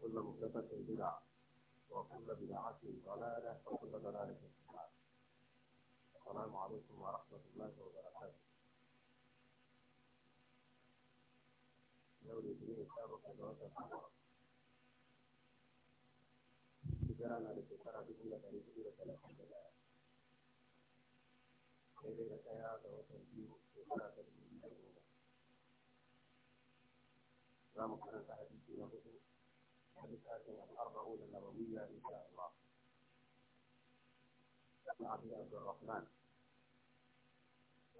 وكل محدثة بدعة وكل بدعة ضلالة وكل ضلالة في النار السلام عليكم ورحمة الله وبركاته يولي دين الشاب خدوات الحمراء تجارنا لتجارة بجولة بجولة ثلاثين دولار ليلة سيارة وتنجيب تجارة بجولة za mu karanta أبي عبد الرحمن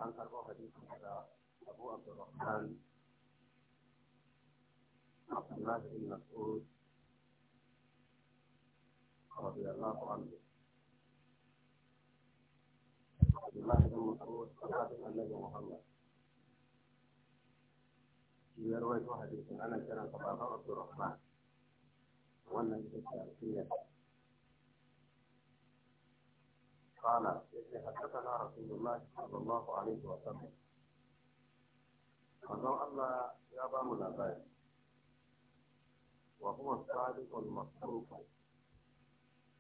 عن أربع حديث على أبو عبد الرحمن عبد الله بن مسعود رضي الله عنه عبد الله بن مسعود صحابي النبي محمد يروي حديث كان عبد الرحمن والنبي صلى الله عليه وسلم قال حدثنا رسول الله صلى الله عليه وسلم أنه أن يابا منافاي وهو الصادق المصدوق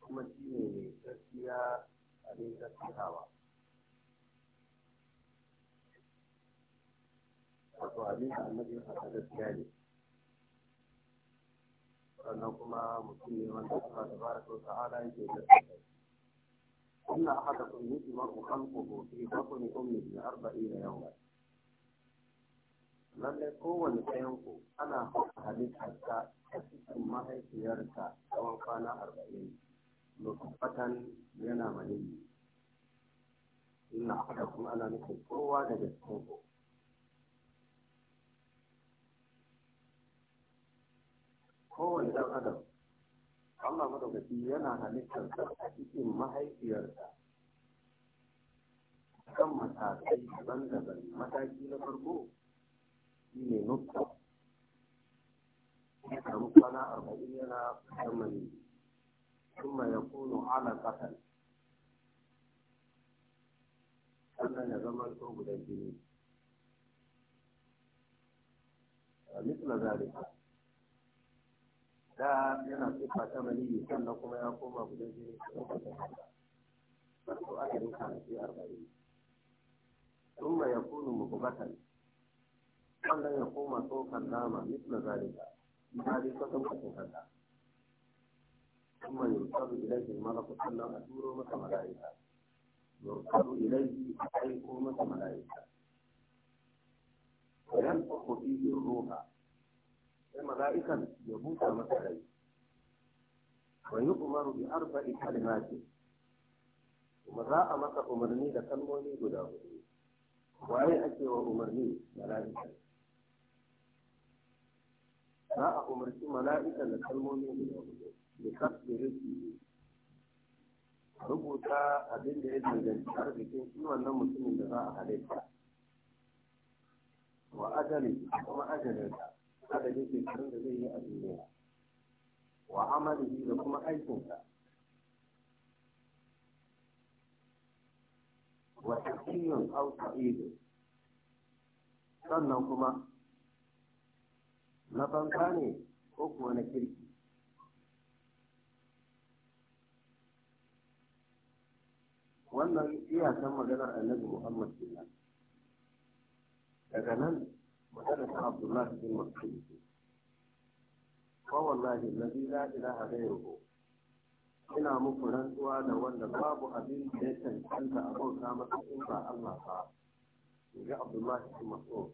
ثم جيني تسيا أليس في هوا وسؤالي عن مجيء أحد الثاني يعني. أنه كما مسلم من تبارك وتعالى يجب أن إن أحدكم يجمع خلقه في بطن أمه لأربعين يوما lallai kowane ɗayanku ana halittarsa a cikin mahaifiyarsa tsawon kwana arba'in yana maniyi ina kuma ana nufin kowa kowane ɗan adam Allah madaukaki yana halittar sa a cikin mahaifiyarsa kan matakai daban-daban mataki na farko shi ne nufka ya karu kwana arba'in yana kamani kuma ya kuno ala sannan ya zama so guda jini a mitla zalika da yana tsufa ta maniyi sannan kuma ya koma gudan jini farko aka yi kwanaki arba'in ثم يكون مقبتا wannan ya koma tsokan nama misla zalika misali kwatan kwatan haka kuma yurtaru ilaihi malaku sannan a turo masa mala'ika yurtaru ilaihi a aiko masa mala'ika wayan tsoko fiye ruha sai mala'ikan ya busa masa rai wa yi umaru bi arba'i kalimati kuma za a masa umarni da kalmomi guda hudu waye ake wa umarni mala'ikan za a umarci mala'ikan da kalmomi guda hudu da kasbe rikki rubuta abin da ya danganci arzikin shi wannan mutumin da za a halitta wa ajali kuma ajalinsa adadin shekarun da zai yi a duniya wa amalihi da kuma aikinsa wa tafiyun au sa'idun sannan kuma na banka ne ko kuwa na kirki wannan iyakan maganar annabi muhammad kenan daga nan magana ta abdullahi bin mas'ud wallahi allazi la ilaha ghayruhu ina muku rantsuwa da wanda babu abin da ya cancanta a bauta masa in ba Allah ba ga abdullahi bin mas'ud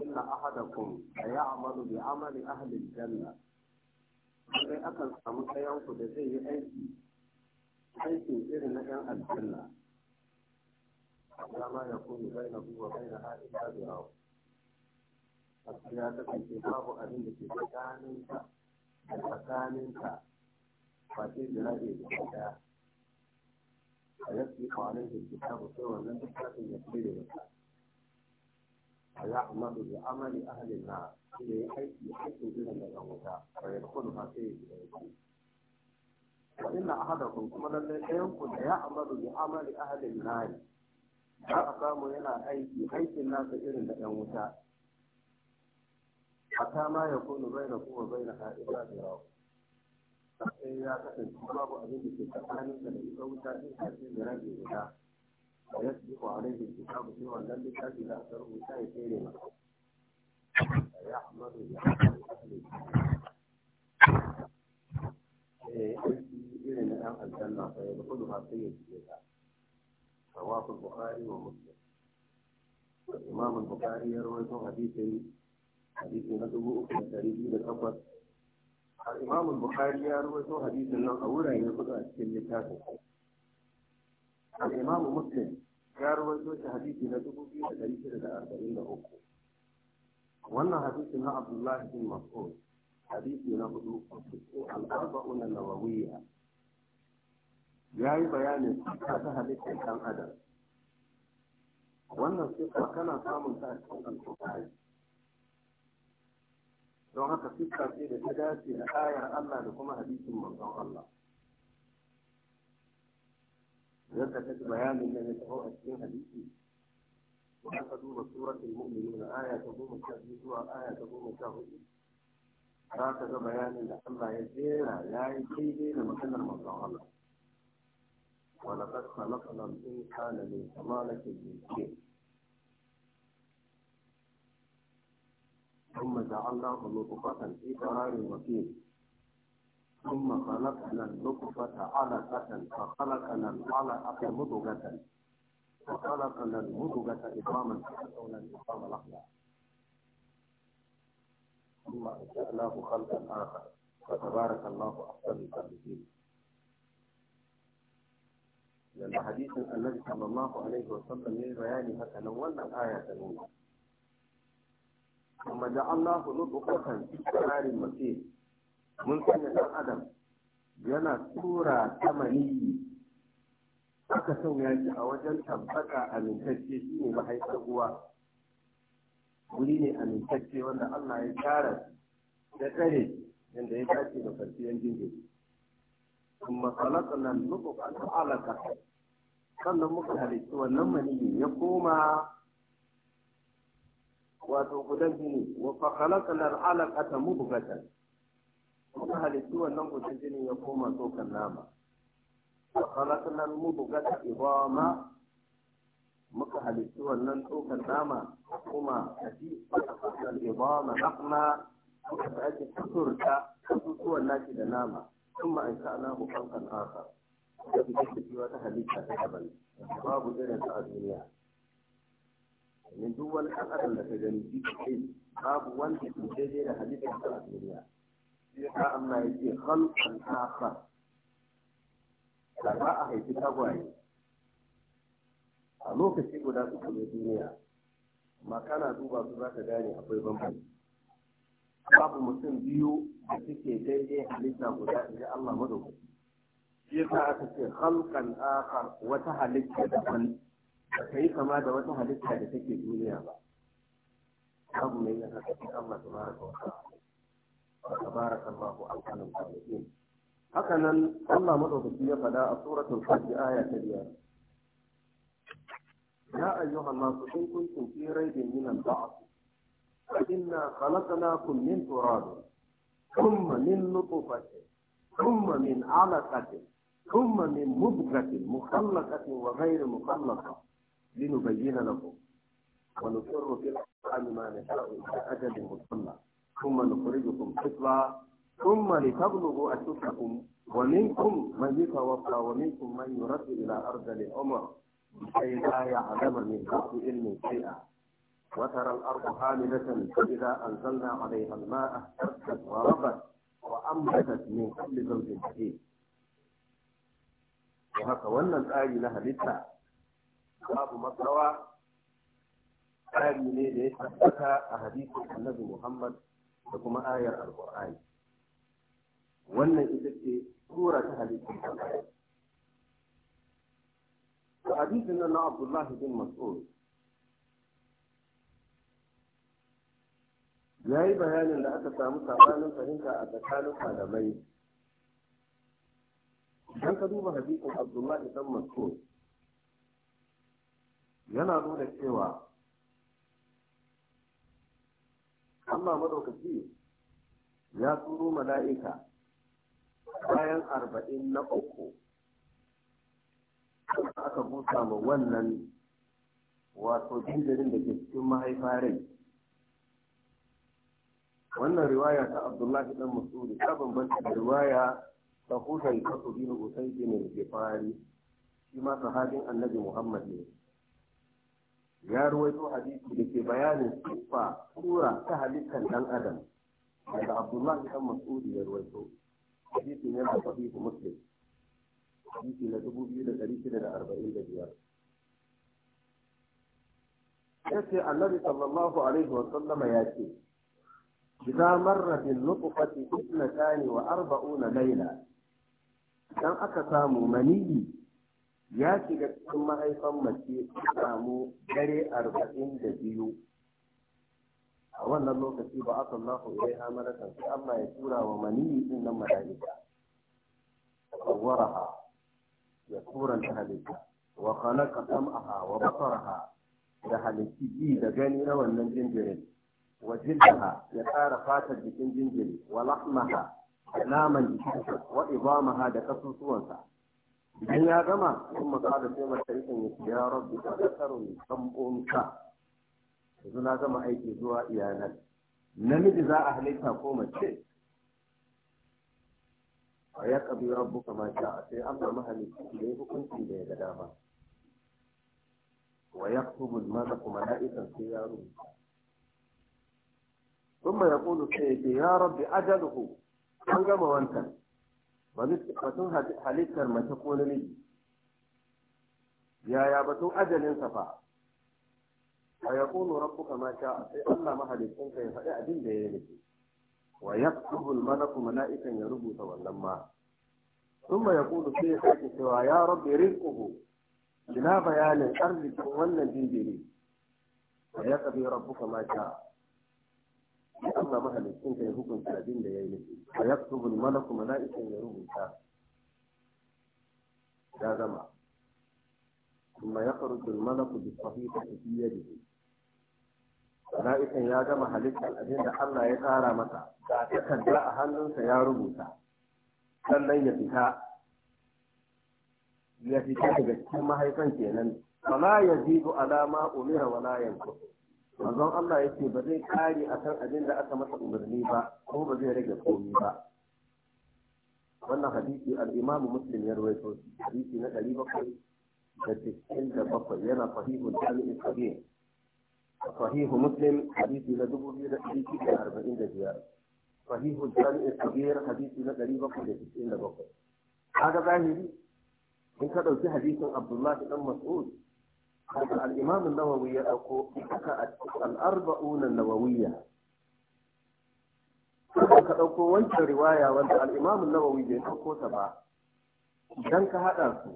inna ahadakum a ya'malu bi amali ahli al-janna sai akan samu ɗayanku da zai yi aiki aikin irin na ɗan aljanna dama ya kone bai na buwa bai na ha'in ta ya kasance babu abin da ke tsakaninka da tsakaninka face da rabe da daya a yaski kwanan da ke tabu sai wannan littafin ya tsere da ta a ya amma da amali ahalin na da ya aiki aikin irin da yan wuta a ya kudu ma sai ya shiga yake wa inna ahadakum kuma lallai ɗayan ku da ya amma da amali ahalin na ne. za a samu yana aiki aikin nasa irin da yan wuta hatta ma ya kone bai na kuma bai na ha'ira da yawa sai ya kasance babu abin da ke tsakanin da ita wuta din kasance da rage guda da ya su ko alai da ke babu sai wannan littafi da aka rubuta ya tsere ma irin na 'yan aljanna fa ya kudu ha ya ta wa hadisi na dubu uku da ɗari biyu da takwas imam bukhari ya rawaito hadisin nan a wurare kudu a cikin littafin A imam muslim ya rawaito shi hadisi na dubu biyu da ɗari shida da arba'in da uku wannan hadisi na abdullahi bin mas'ud hadisi na hudu ko al'arba'un nawawiyya ya yi bayanin a ta halittar ɗan adam wannan sifa kana samun ta a cikin alƙur'ani don haka siffa ce da ta dace da ayar Allah da kuma hadisin manzon Allah yadda ta bayanin da ya taho a cikin hadisi idan ka duba suratul na aya ta goma sha biyu zuwa aya ta goma sha hudu za ka ga bayanin da Allah ya jera ya yi daidai da maganar manzon Allah ولقد خلقنا الإنسان من كمالة الجنسين ثم جعلناه نطفة في قرار وكيل ثم خلقنا النطفة علقة فخلقنا العلقة مضغة وخلقنا المضغة إقاما فأولا إقام لحظة ثم أنشأناه خلقا آخر فتبارك الله أحسن الخالقين لأن حديث النبي صلى الله عليه وسلم بيان هكذا تنولنا الآية تنوي kuma da Allah nutfatan fi tsarin mace mun sanya da adam yana tura tamani aka sauya shi a wajen tabbata amintacce shi ne mahaifar uwa guri ne amintacce wanda Allah ya tsara da tsare yadda ya dace da farfiyan jinjin kuma khalaqna ta alaka sannan muka halittu wannan maniyi ya koma wato guda jini wa fa khalaqna al-alaqata mubghatan muka halitti wannan gudan jini ya koma tsokan nama wa khalaqna al-mubghata idama muka halitti wannan tsokan nama kuma kaji al-idama lahma muka sake kusurta kusurtuwan nashi da nama kuma in sha Allah kan kan aka da kike cewa ta halitta ta daban babu irin ta duniya domin duk wani ɗan da ka gani shi kai babu wanda ke daidai da halittar sa a duniya sai amma ya ce khalqan akhar da ba a haifi tagwaye a lokaci guda suka zo duniya amma kana duba su za ka gane akwai bambanci babu mutum biyu da suke daidai halitta guda inda Allah madaukaki shi yasa aka ce khalqan wata halitta daban ba ta yi kama da wata halitta da take duniya ba abu mai yin haka sai Allah tabaraka wa ta'ala wa tabaraka Allahu al-qalam al-qadim haka nan Allah madaukaki ya faɗa a suratul fajr aya ta biyar يا أيها الناس إن كنتم في ريب من البعث فإنا خلقناكم من تراب ثم من نطفة ثم من علقة ثم من مضغة مخلقة وغير مخلقة لنبين لهم ونقر في الأحكام ما نشاء إلى أجل مسمى ثم نخرجكم طفلا ثم لتبلغوا أشدكم ومنكم من يتوفى ومنكم من يرد إلى أرض العمر لكي لا يعلم من بعد علم شيئا وترى الأرض حاملة فإذا أنزلنا عليها الماء اهتزت وربت وأنبتت من كل زوج حديد وهكذا ولا الآية لها لسه babu matsawa tsari ne da ya tabbata a hadisin annabi Muhammad da kuma ayar qurani wannan ita ce sura ta hadisin alƙur'ani to hadisin nan na Abdullah bin Mas'ud ya yi bayanin da aka samu sabanin fahimta a tsakanin malamai idan ka duba hadisin Abdullah bin Mas'ud yana nuna cewa Allah madaukaki ya turo mala'ika bayan arba'in na uku aka busa ma wannan wato jinjirin da ke cikin mahaifa wannan riwaya ta abdullahi dan masudi ta bambanta da riwaya ta husayn kasu Hussein ne da ke fari, shi ma sahabin annabi muhammad ne ya ruwaito hadisi da ke bayanin siffa tura ta halittar dan adam daga abdullahi dan mas'udi ya ruwaito hadisin yana sahihu muslim hadisi na dubu biyu da ɗari shida da arba'in da biyar ya ce annabi sallallahu alaihi wa sallama ya ce إذا مر بالنطفة arba'u na Layla. dan aka samu maniyi ya shiga cikin mahaifan mace ya samu dare arba'in da biyu a wannan lokaci ba aka lafa ilai hamaratan sai Allah ya tura wa maniyi din nan mala'ika tsawaraha ya turanta halitta wa khalaqa sam'aha wa basaraha da halitti da gani na wannan jinjirin wa jildaha ya tsara fatar jikin jinjiri wa lahmaha da naman jikinsa wa ibamaha da kasusuwansa idan ya gama sun makala sai mata ikin ya ce ya rabbi a kasarun tambonka yanzu na gama aiki zuwa iyalan namiji za a halitta ko mace a ya kabi rabbu kama sha sai an ba mahalicci da ya hukunci da ya ga dama wa ya kubul maza kuma na na'ikan sai ya rubuta ثم يقول سيدي يا رب أجله an gama wancan batun halittar mace ko namiji yaya batun ajalin fa a ya kunu rabbuka sha sai Allah mahaliccin ka ya faɗi abin da ya nufi wa yaktubu malaku mala'ikan ya rubuta wannan ma thumma yaqulu sai ya sake cewa ya rabbi rizquhu ina bayanin arzikin wannan jinjiri wa yaqdi rabbuka ma sha sai Allah mahalicin ka ya hukunta abin da ya yi a yaktubu malaku mala'ikan ya rubuta ya gama ثم sahiha da بالصحيفة في يده mala'ikan ya gama halittar abin da Allah ya tsara masa ga takarda a hannunsa ya rubuta sannan ya fita ya fita daga cikin mahaifan kenan fala yazidu ala ma umira wala yanqus manzon Allah ya ce ba zai kare kan abin da aka masa umarni ba kuma ba zai rage komi ba wannan hadisi al-imamu muslim ya rawaito hadisi na 797 yana sahihu jami'in sahih sahihu muslim hadisi na 2245 sahihu jami'in sahih hadisi na 797 kaga zahiri in ka dauki hadisin abdullahi dan mas'ud الإمام النووي يقول الأربعون النووية ka ɗauko wancan riwaya wanda al'imamun nawawi bai ɗauko ta ba idan ka haɗa su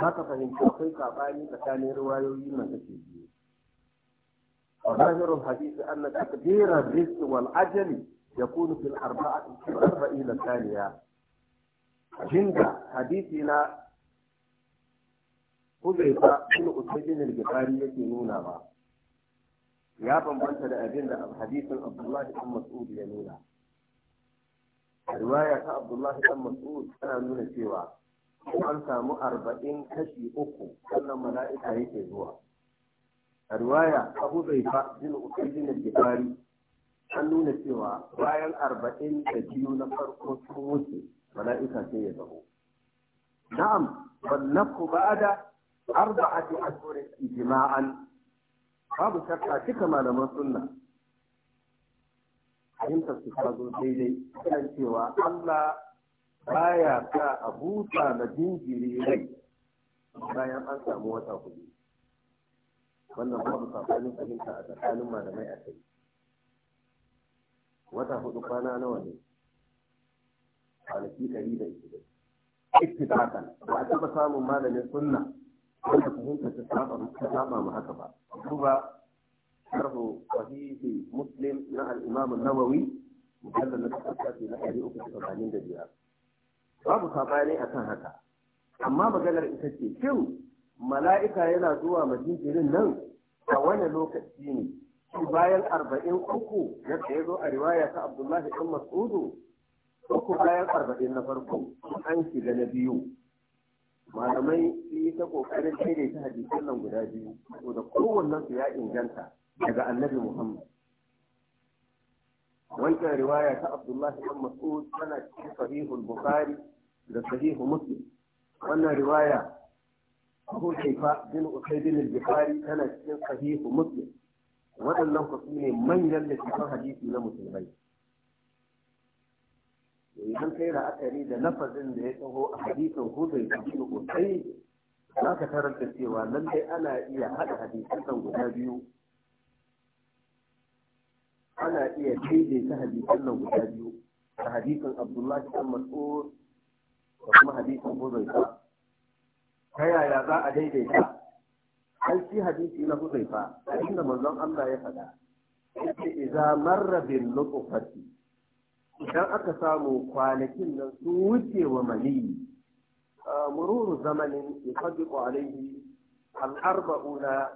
za ka fahimci akwai saɓani tsakanin riwayoyi nan da ke biyu ظاهر الحديث أن تقدير الرزق والأجل يكون في الأربعة في الأربعين الثانية عند حديثنا huzaifa kuma usaidin al-gifari yake nuna ba ya bambanta da abin da hadisin abdullahi bin mas'ud ya nuna riwaya ta abdullahi bin mas'ud tana nuna cewa an samu arba'in kashi uku sannan mala'ika yake zuwa riwaya abu bai fa bin usaidin al-gifari an nuna cewa bayan arba'in da biyu na farko sun wuce mala'ika sai ya zaho na'am wannan ku ba'ada arba'ati ashhurin ijma'an babu shakka cika malaman sunna fahimtar su ta zo daidai kan cewa Allah baya sa a busa da jinjiri rai bayan an samu wata hudu wannan babu sabanin fahimta a tsakanin malamai a kai wata hudu kwana nawa ne kwanaki ɗari da ishirin ittifaqan ba a taɓa samun malamin sunna wanda fahimta ta saba mu haka ba duba sharhu sahihi muslim na al-imam an-nawawi mujallal na ce na 385 babu sabani akan haka amma maganar ita ce shin mala'ika yana zuwa majinjirin nan a wani lokaci ne bayan arba'in uku yadda ya zo a riwaya ta abdullahi ɗan mas'udu uku bayan arba'in na farko an shiga na biyu malamai sun yi ta kokarin daidaita hadisan nan guda biyu saboda kowannen su ya inganta daga annabi muhammad wancan riwaya ta abdullahi bin mas'ud tana cikin sahihul bukhari da sahihu muslim wannan riwaya abu kaifa bin usaidin al-bukhari tana cikin sahihu muslim waɗannan ku ne manyan littattafan hadisi na musulmai idan kai la'akari da lafazin da ya taho a hadisin hudai da shi sosai za ka taranta cewa nan dai ana iya haɗa hadisan guda biyu ana iya ta hadisan nan guda biyu a hadisin abdullahi kan mas'ud da kuma hadisin huzaifa ta yaya za a daidaita an shi hadisi na huzaifa a inda manzon Allah ya faɗa ita iza marrabin lokacin idan aka samu kwanakin nan su wuce wa mali mururu zamanin yusaddiqu alayhi al-arba'una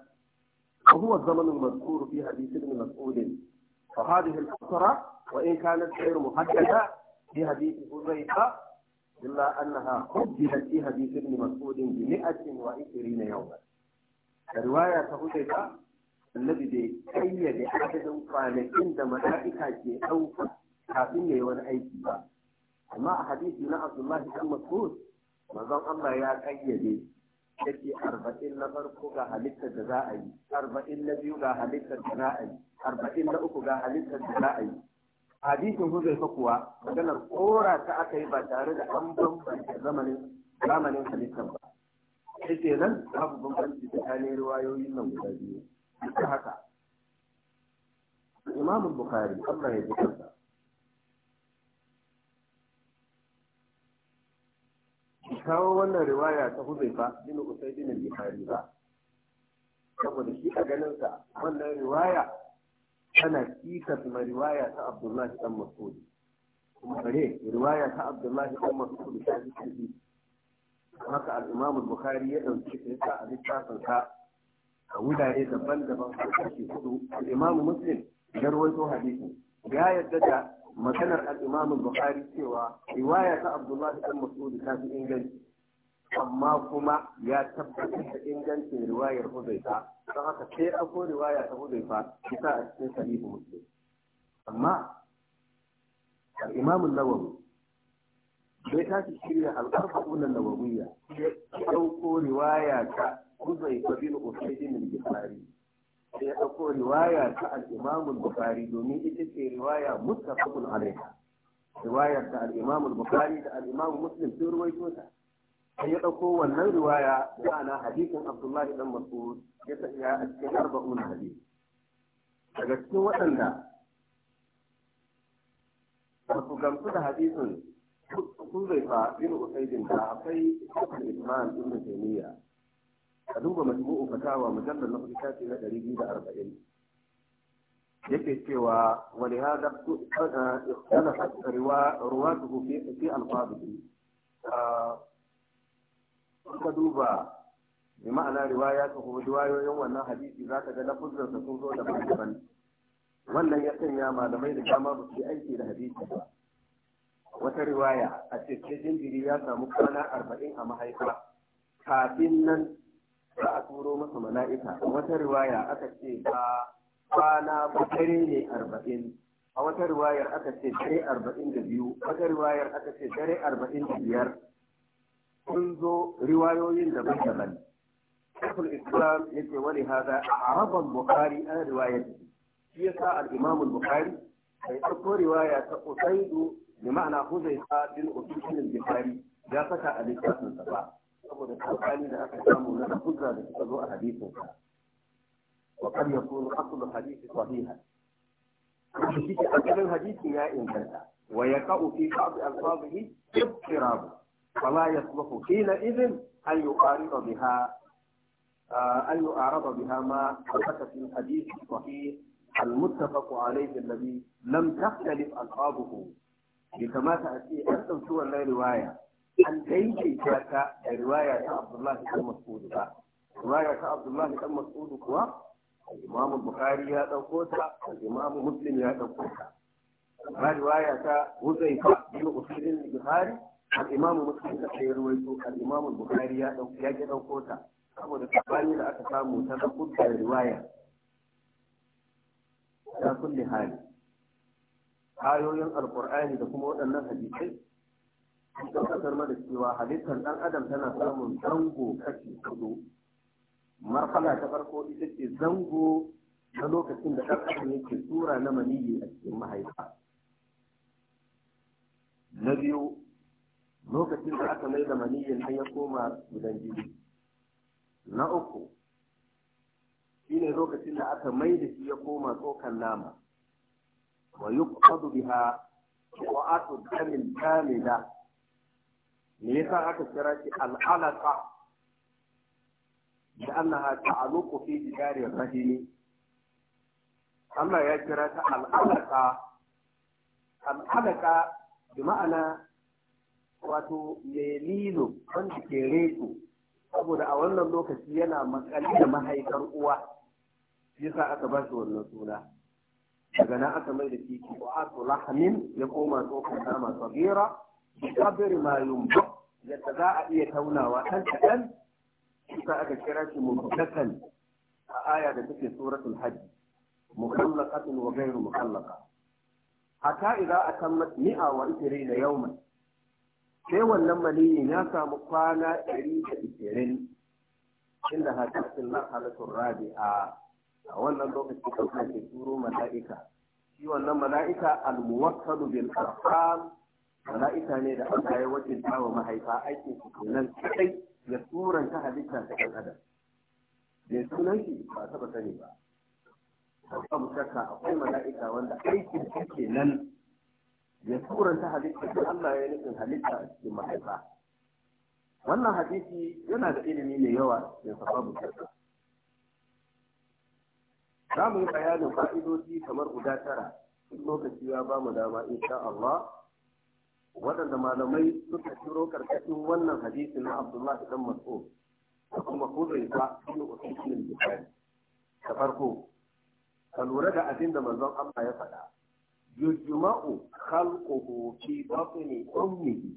وهو الزمن المذكور في حديث ابن مسعود فهذه الفترة وإن كانت غير محددة في حديث حذيفة إلا أنها حددت في حديث ابن مسعود بمئة وعشرين يوما رواية حذيفة الذي بأي عدد قال إن ملائكة أوفى kafin ya yi wani aiki ba amma a hadisi na abdullahi dan mas'ud mazan Allah ya kayyade yake arba'in na farko ga halittar da za a yi arba'in na biyu ga halittar da za a yi arba'in na uku ga halittar da za a yi hadisin huzaifa kuwa maganar kora ta aka yi ba tare da an bambanta zamanin zamanin halittar ba sai ke nan babu bambanci tsakanin riwayoyin nan guda biyu ta haka imamun bukhari Allah ya ji kansa kawo wannan riwaya ta Huzaifa bin Usayd bin Bukhari ba saboda shi a ganin sa wannan riwaya tana kisar ma riwaya ta Abdullahi dan Mas'ud kuma bare riwaya ta Abdullahi dan Mas'ud ta shi haka al-Imam bukhari ya dauki ta a littafin sa a wurare daban-daban a kashi hudu al-Imam Muslim ya rawaito hadisi ya yadda da maganar al-Imam Bukhari cewa riwaya ta Abdullahi ibn Mas'ud ta fi inganci amma kuma ya tabbatar da ingancin riwayar Hudayfa don haka sai ako riwaya ta Hudayfa kita a cikin sahih Muslim amma al-Imam an-Nawawi bai tashi shirya al-arba'un an-nawawiyya ya ɗauko riwaya ta Hudayfa bin ofishin bin Bukhari ya ɗauko riwaya ta al'imamun bukari domin ita ce riwaya mustafakun alaiha riwayar ta al'imamun bukari da al'imamun muslim sun ruwaito ta sai ya ɗauko wannan riwaya da ana hadisin abdullahi dan mas'ud ya sanya a cikin arba'un hadisi daga cikin waɗanda ba gamsu da hadisin kun zai fa bin usaidin da akwai ibn isman ibn taymiyyah ka duba majmu'u fatawa mujallal na shafi na ɗari biyu da arba'in yake cewa wani hada ikhtalafa eh, ruwatuhu fi alfadihi ah, ka duba bi ma'ana riwaya ta kuma riwayoyin wannan hadisi za ka ga lafuzansa sun zo da daban wannan ya sanya malamai da dama ba su aiki da hadisi ba wata riwaya a cikin jinjiri ya samu kwana arba'in a mahaifa kafin nan za a turo masa mala'ika wata riwaya aka ce ba kwana dare ne arba'in a wata riwayar aka ce dare arba'in da biyu wata riwayar aka ce dare arba'in da biyar sun zo riwayoyin daban-daban shekul islam ya ce wani haza a araban Bukhari an riwayar shi ya sa al'imamun Bukhari bai ɗauko riwaya ta usaidu bi ma'ana huzaifa bin usulun Bukhari ya saka a littafinsa ba saboda tsakani da aka samu na hujja da suka zo a hadisin sa wa kad yakun aslu hadisi sahiha shi ke asalin hadisin ya inganta wa yaqa'u fi ba'd alfazihi ibtirab fala yasluhu hina idhin an yuqarida biha أن يعرض بها ما ثبت في الحديث الصحيح المتفق عليه الذي لم تختلف ألفاظه بكما تأتي أنتم سوى الرواية an daidaita ta da riwaya ta Abdullahi dan Mas'ud ba riwaya ta Abdullahi dan Mas'ud kuwa Imam Bukhari ya dauko ta Imam Muslim ya dauko ta ba riwaya ta Huzaifa bin Usayd bin Bukhari al-Imam Muslim da ya ruwaito al-Imam Bukhari ya dauko ya dauko ta saboda sabani da aka samu ta da riwaya ta kulli hali ayoyin alqur'ani da kuma waɗannan hadisai tabbatar mana cewa halittar ɗan adam tana samun zango kashi hudu marhala ta farko ita ce zango na lokacin da ɗan adam yake tura na maniyyi a cikin mahaifa na biyu lokacin da aka mai da maniyyin ya koma gidan jini na uku shine lokacin da aka mai da shi ya koma tsokan nama wa yuqadu biha wa'atu damin kamila me yasa aka kira shi al'alaka da Allah ta aluku fi jidari rahimi Allah ya kira ta al'alaka al'alaka bi ma'ana wato lelilo wanda ke reto saboda a wannan lokaci yana makali da mahaifar uwa yasa aka ba shi wannan suna daga nan aka mai da shi ko asu lahamin ya koma tsokar masu sabira kabir ma yumba yadda za a iya taunawa kan kaɗan kusa aka kira shi mubtakan a aya da take suratul hajj mukallaqatun wa ghayru mukallaqa hatta idza atammat mi'a wa 20 yawman sai wannan maniyin ya samu kwana 120 inda hadisin marhalatul rabi'a a wannan lokacin da ke turo mala'ika shi wannan mala'ika al-muwakkalu bil arham mala'ika ne da Allah ya wakilta wa mahaifa aikin su kenan kai ya ta halitta ta kan adam ne sunan shi ba taba sani ba mu shakka akwai mala'ika wanda aikin su kenan ya ta halitta ta Allah ya nufin halitta a cikin mahaifa wannan hadisi yana da ilimi mai yawa da sababu shakka za mu yi bayanin fa'idoji kamar guda tara lokaci ya ba mu dama insha Allah waɗanda malamai suka shiro karkashin wannan hadisi na Abdullahi dan Mas'ud da kuma Hudayfa ibn Usayd bin Bukhari da farko ka lura da abin da manzon Allah ya faɗa yujma'u khalquhu fi batni ummihi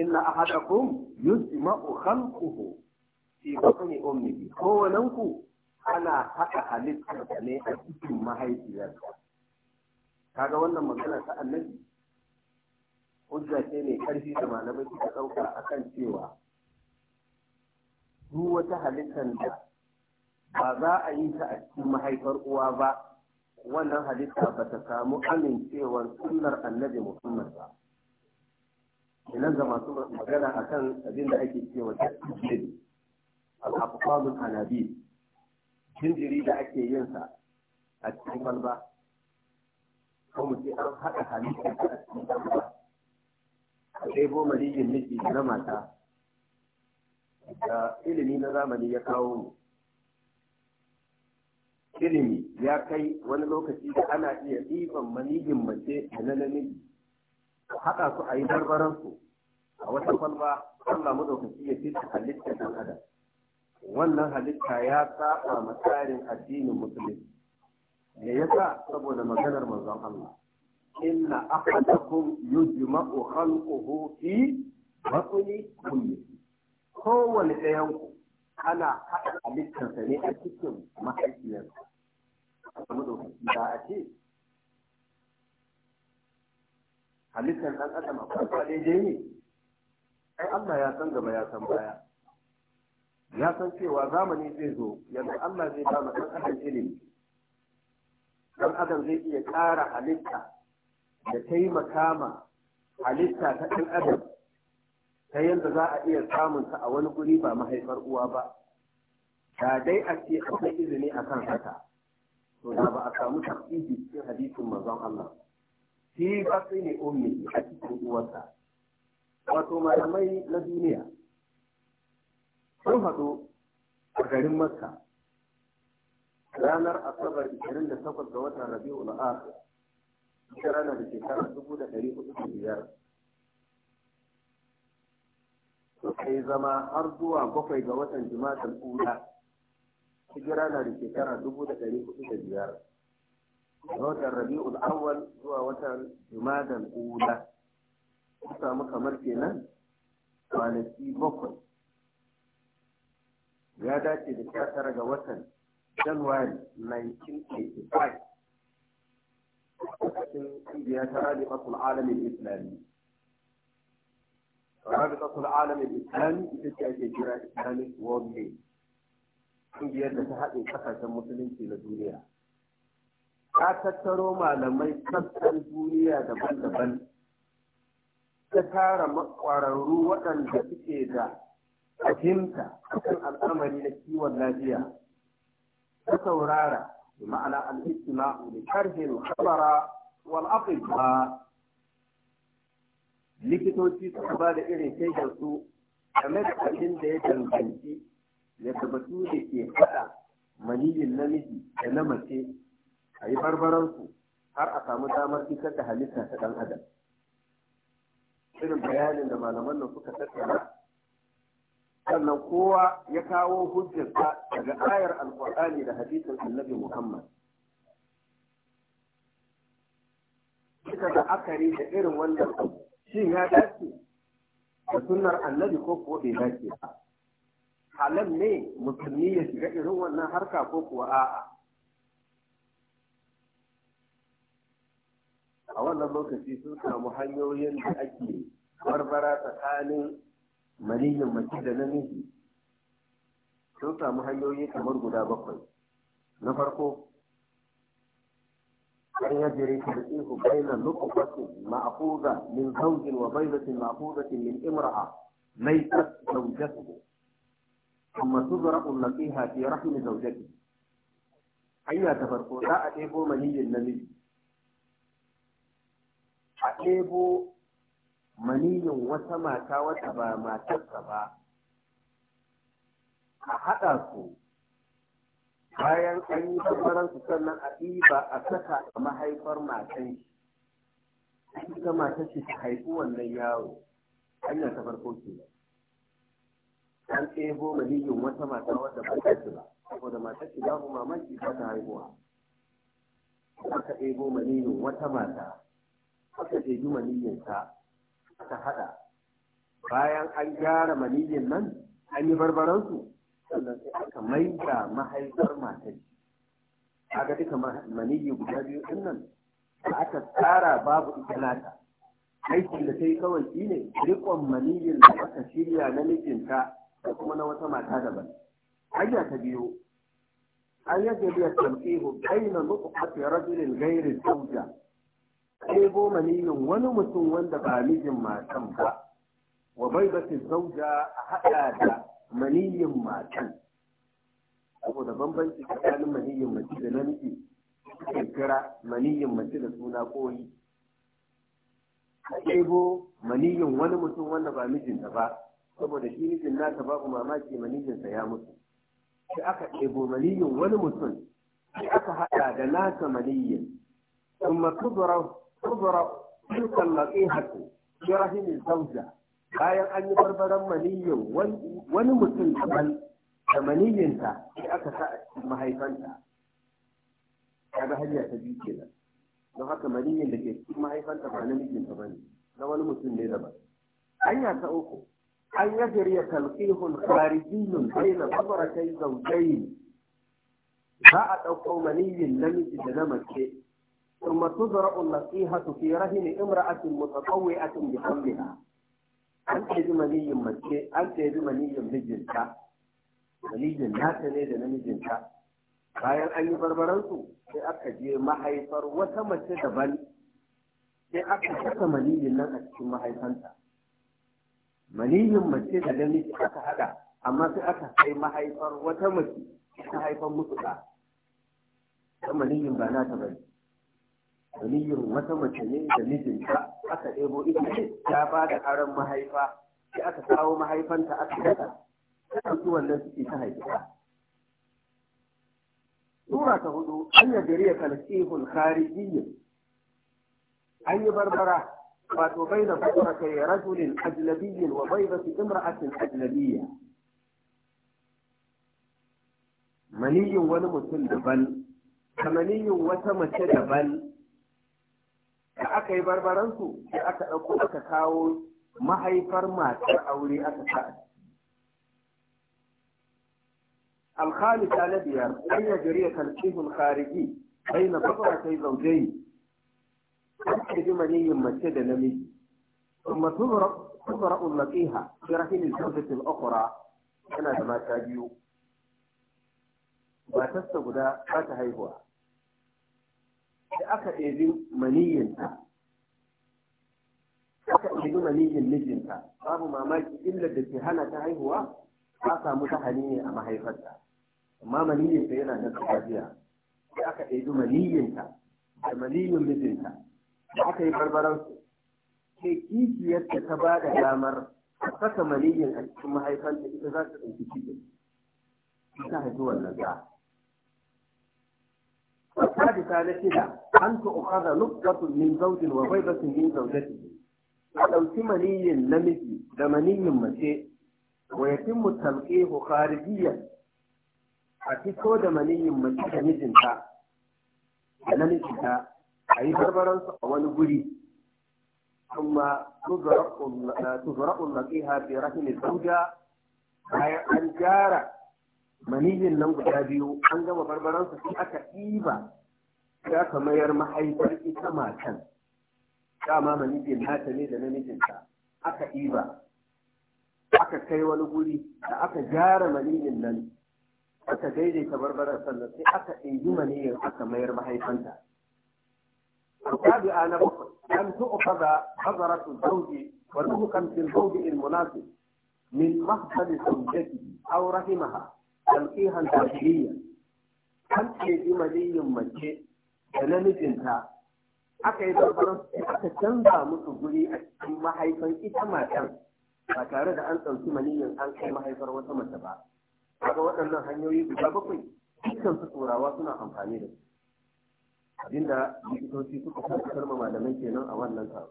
inna ahadakum yujma'u khalquhu fi batni ummihi ku ana haɗa halittarsa ne a cikin mahaifiyarsa kaga wannan magana ta annabi hujja ce mai ƙarfi da malamai suka ɗauka akan cewa duk wata halittar da ba za a yi ta a cikin mahaifar uwa ba wannan halitta ba ta samu amincewar sunnar annabi muhammad ba ina ga masu magana akan abin da ake cewa ta al-afqadul anabi jinjiri da ake yin sa a cikin kwalba ko mu ce an haɗa halittar da a cikin kwalba a ɗebo maniyin miji na mata da ilimi na zamani ya kawo mu ilimi ya kai wani lokaci da ana iya ɗiban maniyin mace da na namiji Ka haɗa su a yi barbaransu a wata kwalba Allah ɗaukaci ya fi halitta ɗan adam wannan halitta ya saba ma tsarin addinin musulunci me sa saboda maganar manzon Allah inna ahadakum yujma'u khalquhu fi batni ummihi kowane ɗayan ku ana haɗa halittarsa ne a cikin mahaifiyarsa kuma ɗaukaki da a ce halittar ɗan adam a farko daidai ne ai Allah ya san gaba ya san baya ya san cewa zamani zai zo yanzu Allah zai ba mu ɗan adam ilimi ɗan adam zai iya ƙara halitta da taimaka ma halitta ta ɗan adam ta yadda za a iya samun ta a wani guri ba mahaifar uwa ba da dai a ce akwai izini a kan haka to da ba a samu tafsiri cikin hadisin manzon Allah shi ba sai ne ummi a cikin uwarsa wato malamai na duniya sun haɗu a garin Makka ranar Asabar 28 ga watan na Akhir hijira na da shekara dubu da ɗari hudu da biyar suka yi zama har zuwa bakwai ga watan jima'ar ula hijira na da shekara dubu da ɗari hudu da biyar da watan rabi'ul awwal zuwa watan jima'ar ula ku samu kamar kenan kwanaki bakwai ya dace da sha tara ga watan januwari 1985 cikin kungiya ta rabiqatul alamin islami rabiqatul alamin islami ita ce ake kira islamic world league kungiyar da ta haɗe kasashen musulunci na duniya ta tattaro malamai sassan duniya daban-daban ta tara makwararru waɗanda suke da fahimta kan al'amari na kiwon lafiya ta saurara بمعنى الاستماع لشرح الخبر والأطباء likitoci suka ba da irin shaidar su game da abin da ya danganci ya tabbatu da ke faɗa. maniyin namiji da na mace a yi barbaransu har a samu damar fitar da halitta ta ɗan adam irin bayanin da malaman nan suka tattara sannan kowa ya kawo hujjarsa daga ayar Alƙur'ani da hadisin annabi muhammad suka da akari da irin wannan shin ya dace da sunnar annabi ko kuwa bai dace ba halal ne musulmi ya shiga irin wannan harka ko kuwa a'a a wannan lokaci sun samu hanyoyin da ake barbara tsakanin maniyin mace da namiji sun samu hanyoyi kamar guda bakwai na farko an yi ta yajiri tarqihu bayna nutfatin ma'khuza min zawjin wa baynatin ma'khuzatin min imra'a laysat zawjatuhu amma tuzra'u laqiha fi rahmi zawjatihi hanya ta farko za a ɗebo maniyin namiji a ɗebo maniyin wata mata wata ba matarsa ba a haɗa su bayan an yi tabbaran su sannan a ɗiba a saka a mahaifar matan shi ita matan shi ta haifi wannan yaro hanya ta farko ke an ɗebo maniyin wata mata wadda ba ta ci ba saboda matar shi babu mamaki ba ta haihuwa aka ɗebo maniyin wata mata aka ɗebi maniyin ta aka haɗa bayan an gyara maniyin nan an yi barbaransu sannan sai aka maida mahaifar matar ga duka maniyyi guda biyu din nan aka tsara babu ita nata aikin da ta yi kawai shi ne rikon maniyyin da aka shirya na mijinta da kuma na wata mata daban hanya ta biyu an yadda biyar tamfihu baina nutfati rajulin gairi sauja ɗebo maniyyin wani mutum wanda ba mijin matan ba wa baibatin zauja a haɗa da maniyin matan saboda bambanci tsakanin maniyin mace da namiji suke kira maniyin mace da suna koyi ka ɗebo maniyin wani mutum wanda ba mijinta ba saboda shi mijin nata babu mamaki maniyinsa ya mutu sai aka ɗebo maniyin wani mutum sai aka haɗa da nata maniyin kubra تضرب تضرب تلك shi rahimin الزوجة bayan an yi barbaran maniyyin wani mutum kamar da maniyyinta sai aka sa a cikin mahaifanta ga hanya ta biyu kenan don haka maniyyin da ke cikin mahaifanta ba na mijinta ba ne na wani mutum ne daban hanya ta uku an yajriya talqihun kharijiyyun baina fabrakai zawjayn za a ɗauko maniyyin namiji da na mace ثم تزرع النصيحة في رهن امرأة متطوعة بحملها an ɗebi maniyin mace an ɗebi maniyin mijinta maniyin nata ne da namijinta bayan an yi barbaransu sai aka je mahaifar wata mace daban sai aka saka maniyin nan a cikin mahaifanta maniyin mace da namiji aka haɗa amma sai aka kai mahaifar wata mace ta haifar musu ta maniyin ba nata bane maniyin wata mace ne da mijinta aka ɗebo ita ce ta ba da aron mahaifa sai aka kawo mahaifanta aka kasa ta ɗauki wannan suke ta haifa Sura ta hudu an yi gariya kalsihun kharijiyyin an yi barbara wato bai da fadura kai rajulin ajnabiyyin wa bai da imra'atin ajnabiyya maniyin wani mutum daban kamaniyin wata mace daban da aka yi barbaransu sai aka ɗauko aka kawo mahaifar matar aure aka sa الخامسة لديار أن يجري تلقيه الخارجي بين بطرتي زوجين تخرج مني مسجد نمي ثم تغرق تغرق اللقيها برهن الزوجة الأخرى أنا ما تاجيو ما تستغدا ما تهيهوها da aka ɗebi maniyyinta aka ɗebi maniyyin mijinta babu mamaki illar da ke hana ta haihuwa ta samu ta ne a mahaifarta amma maniyyinta yana da lafiya da aka ɗebi maniyyinta da maniyyin mijinta da aka yi barbaransu ke kishiyarta ta ba da damar saka maniyyin a cikin mahaifanta ita za ta ɗauki ciki ta haifi wannan da السادسة لا أن تؤخذ نقطة من زوج وبيضة من زوجته أدوك مني نمجي دمني مشي ويتم التلقيه خارجيا أتكو دمني مشي مجنتا نمجتا أي بربران وأنا قولي ثم تزرق تزرع لقيها في رحم الزوجة أي أنجارة maniyin nan guda biyu an gama barbaransu sai aka ɗiba sai aka mayar mahaifar ita matan dama maniyin nata ne da namijinta aka ɗiba aka kai wani guri da aka gyara maniyin nan aka daidaita barbaran sannan sai aka ɗebi maniyin aka mayar mahaifanta الرابعة أن تؤخذ حضرة الزوج وتهكم في الزوج المناسب من مقتل زوجته أو رحمها tamkihan tafiliya an ɗebi maniyin mace da namijinta aka yi su aka canza musu guri a cikin mahaifan ita matan ba tare da an ɗauki maniyin an kai mahaifar wata mace ba kaga waɗannan hanyoyi guda bakwai dukkan su turawa suna amfani da su abinda likitoci suka tabbatar ma malamai kenan a wannan taro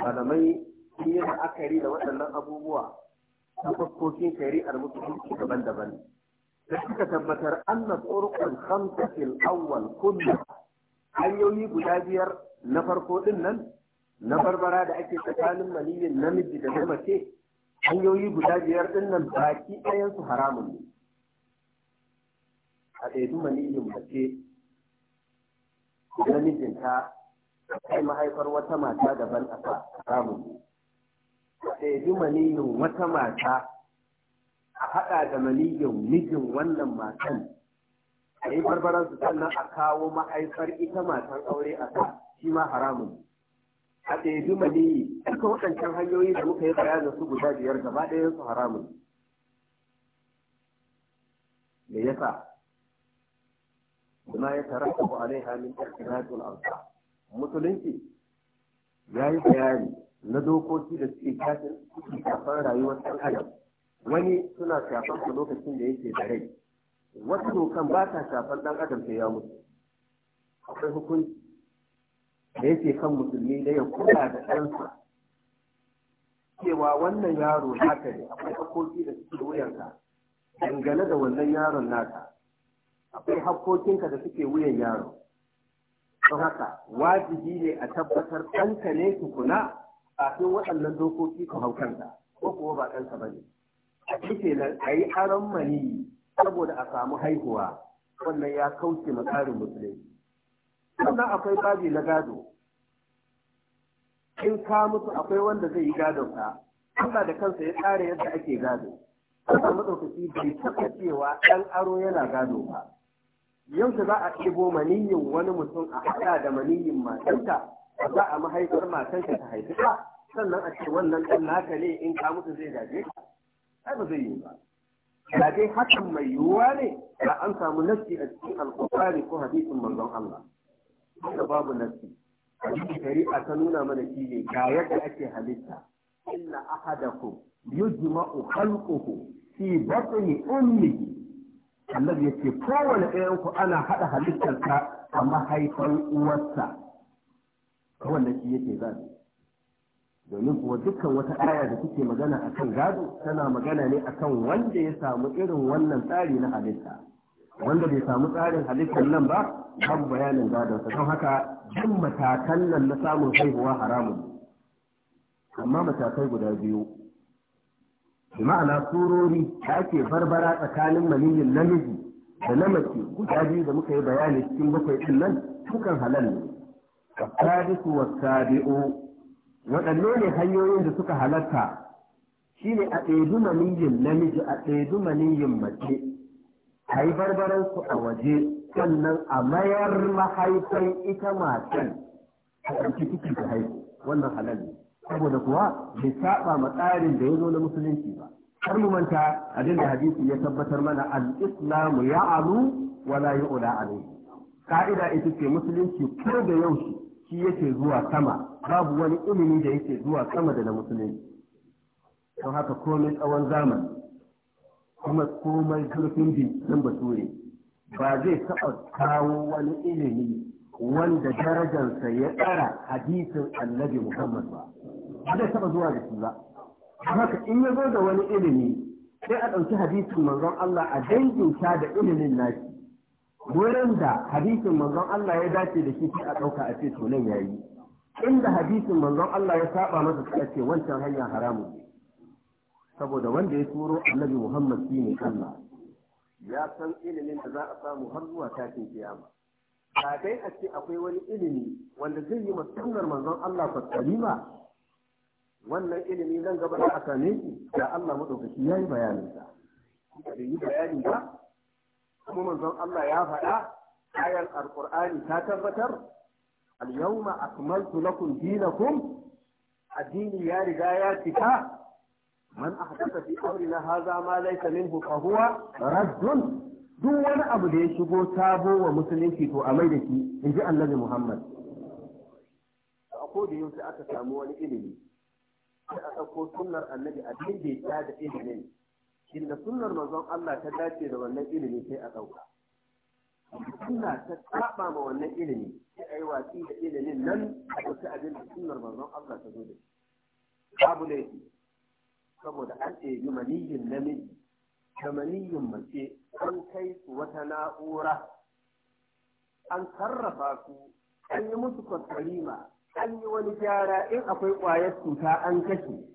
malamai sun yi la'akari da waɗannan abubuwa ta fuskokin shari'ar musulunci daban-daban da suka tabbatar anna turqul khamsa fil awal kullu hanyoyi guda biyar na farko din nan na barbara da ake tsakanin maniyin namiji da na mace hanyoyi guda biyar din nan baki ɗayan su haramun ne a ɗaiɗu maniyin mace namijinta kai mahaifar wata mata daban a haramun ne ɗaiɗi maniyin wata mata a haɗa da maniyin mijin wannan matan a yi barbaran sannan a kawo ma'aifar ita matan aure a ka shi ma haramun a ɗaiɗi maniyi duka waɗancan hanyoyi da muka yi bayanin su guda biyar gaba ɗaya su haramun me yasa bima ya tarattabu alaiha min ihtimatul amsa musulunci yi bayani na dokoki da suke shafin suke shafan rayuwar ɗan adam wani suna shafan su lokacin da yake da rai wasu dokan ba ta shafan ɗan adam sai ya mutu akwai hukunci da yake kan musulmi da ya kula da ɗansa cewa wannan yaro haka ne akwai hakoki da suke wuyanka dangane da wannan yaron naka akwai hakkokinka da suke wuyan yaro don haka wajibi ne a tabbatar ɗanka ne tukuna kafin waɗannan dokoki ka hau kanta, ko kuma ba kanka ba ne a cike nan a yi aron maniyi saboda a samu haihuwa wannan ya kauce ma musulunci sannan akwai babi na gado in ka mutu akwai wanda zai yi gadon ka Allah da kansa ya tsara yadda ake gado Allah madaukaki bai taɓa cewa ɗan aro yana gado ba yanzu za a ɗibo maniyin wani mutum a haɗa da maniyin matanta? za a mahaifar matanka ta haifi ba sannan a ce wannan ɗan naka ne in ka mutu zai gaje ka ai ba zai yi ba da dai hakan mai yiwuwa ne da an samu nassi a cikin alƙur'ani ko hadisin manzon Allah da babu nassi hadisi shari'a ta nuna mana shi ne ga yadda ake halitta inna ahadakum yujma'u khalquhu fi batni ummihi ya yace kowane ɗayan ku ana haɗa halittarsa a mahaifar uwarsa wannan shi yake gado domin kuwa dukkan wata aya da kuke magana akan gado tana magana ne akan wanda ya samu irin wannan tsari na halitta wanda bai samu tsarin halittar nan ba kan bayanin gadonsa don haka duk matakan nan na samun haihuwa haramun amma matakai guda biyu bi ma'ana surori da ake barbara tsakanin maniyin namiji da na mace guda biyu da muka yi bayani cikin bakwai din nan dukan halal ne السادس والسابع waɗanne ne hanyoyin da suka halarta. shi ne a ɗebi maniyin namiji a ɗebi maniyin mace a yi barbaransu a waje sannan a mayar mahaifan ita matan a ɗauki ciki haihu wannan halal ne saboda kuwa bai saɓa ma tsarin da ya zo na musulunci ba har mu manta abin da hadisi ya tabbatar mana al-islamu ya'alu wala yu'la alayhi ka'ida ita ce musulunci ko da yaushe shi yake zuwa sama babu wani ilimi da yake zuwa sama da na musulunci don haka komai tsawon zamani kuma komai zurfin binciken bature ba zai taɓa kawo wani ilimi wanda darajarsa ya tsara hadisin annabi muhammad ba ba zai taɓa zuwa da shi ba haka in ya zo da wani ilimi sai a ɗauki hadisin manzon Allah a dangin da ilimin nashi wurin da hadisin manzon Allah ya dace da shi sai a ɗauka a ce to nan yayi inda hadisin manzon Allah ya saba masa sai a ce wancan hanya haramun saboda wanda ya turo annabi Muhammad shine Allah ya san ilimin da za a samu har zuwa tashin kiyama kafin a ce akwai wani ilimi wanda zai yi masunar manzon Allah fasarima wannan ilimi zan gaba da aka ne shi da Allah madaukaki yayi bayanin sa yi bayani ba kuma manzon Allah ya faɗa ayar Alƙur'ani ta tabbatar al-yawma akmaltu lakum dinakum addini ya riga ya cika man ahdatha fi amrina hadha ma laysa minhu fa huwa raddun duk wani abu da ya shigo sabo wa musulunci to a mai da shi in ji annabi Muhammad a koda yau sai aka samu wani ilimi sai a ɗauko sunnar annabi addini da ya da ilimin inda sunnar manzon Allah ta dace da wannan ilimi sai a ɗauka sunna ta saba ma wannan ilimi sai a yi watsi da ilimin nan a ɗauki abin da sunnar manzon Allah ta zo da shi babu laifi saboda an ɗebi maniyin namiji da maniyin mace an kai su wata na'ura an sarrafa su an yi musu kwasarima an yi wani gyara in akwai ƙwayar cuta an kashe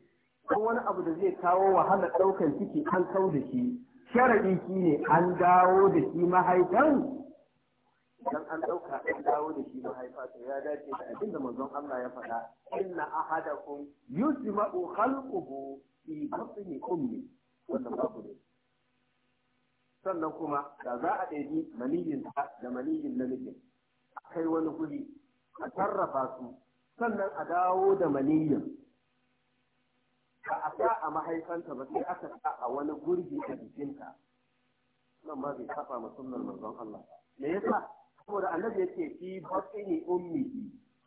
ko wani abu da zai kawo hana ɗaukar ciki an kau da shi sharaɗi shi ne an dawo da shi mahaifan idan an ɗauka an dawo da shi mahaifa to ya dace da abin da manzon Allah ya faɗa inna ahadakum yusma'u khalquhu fi batni ummi wannan babu ne sannan kuma da za a ɗaiɗi maniyin da maniyin namijin a kai wani guri a sarrafa su sannan a dawo da maniyin ba a sa a mahaifanta ba sai aka sa a wani gurbi a jikinta nan ma bai saba ma sunnar manzon Allah me yasa saboda annabi yake fi batini ummi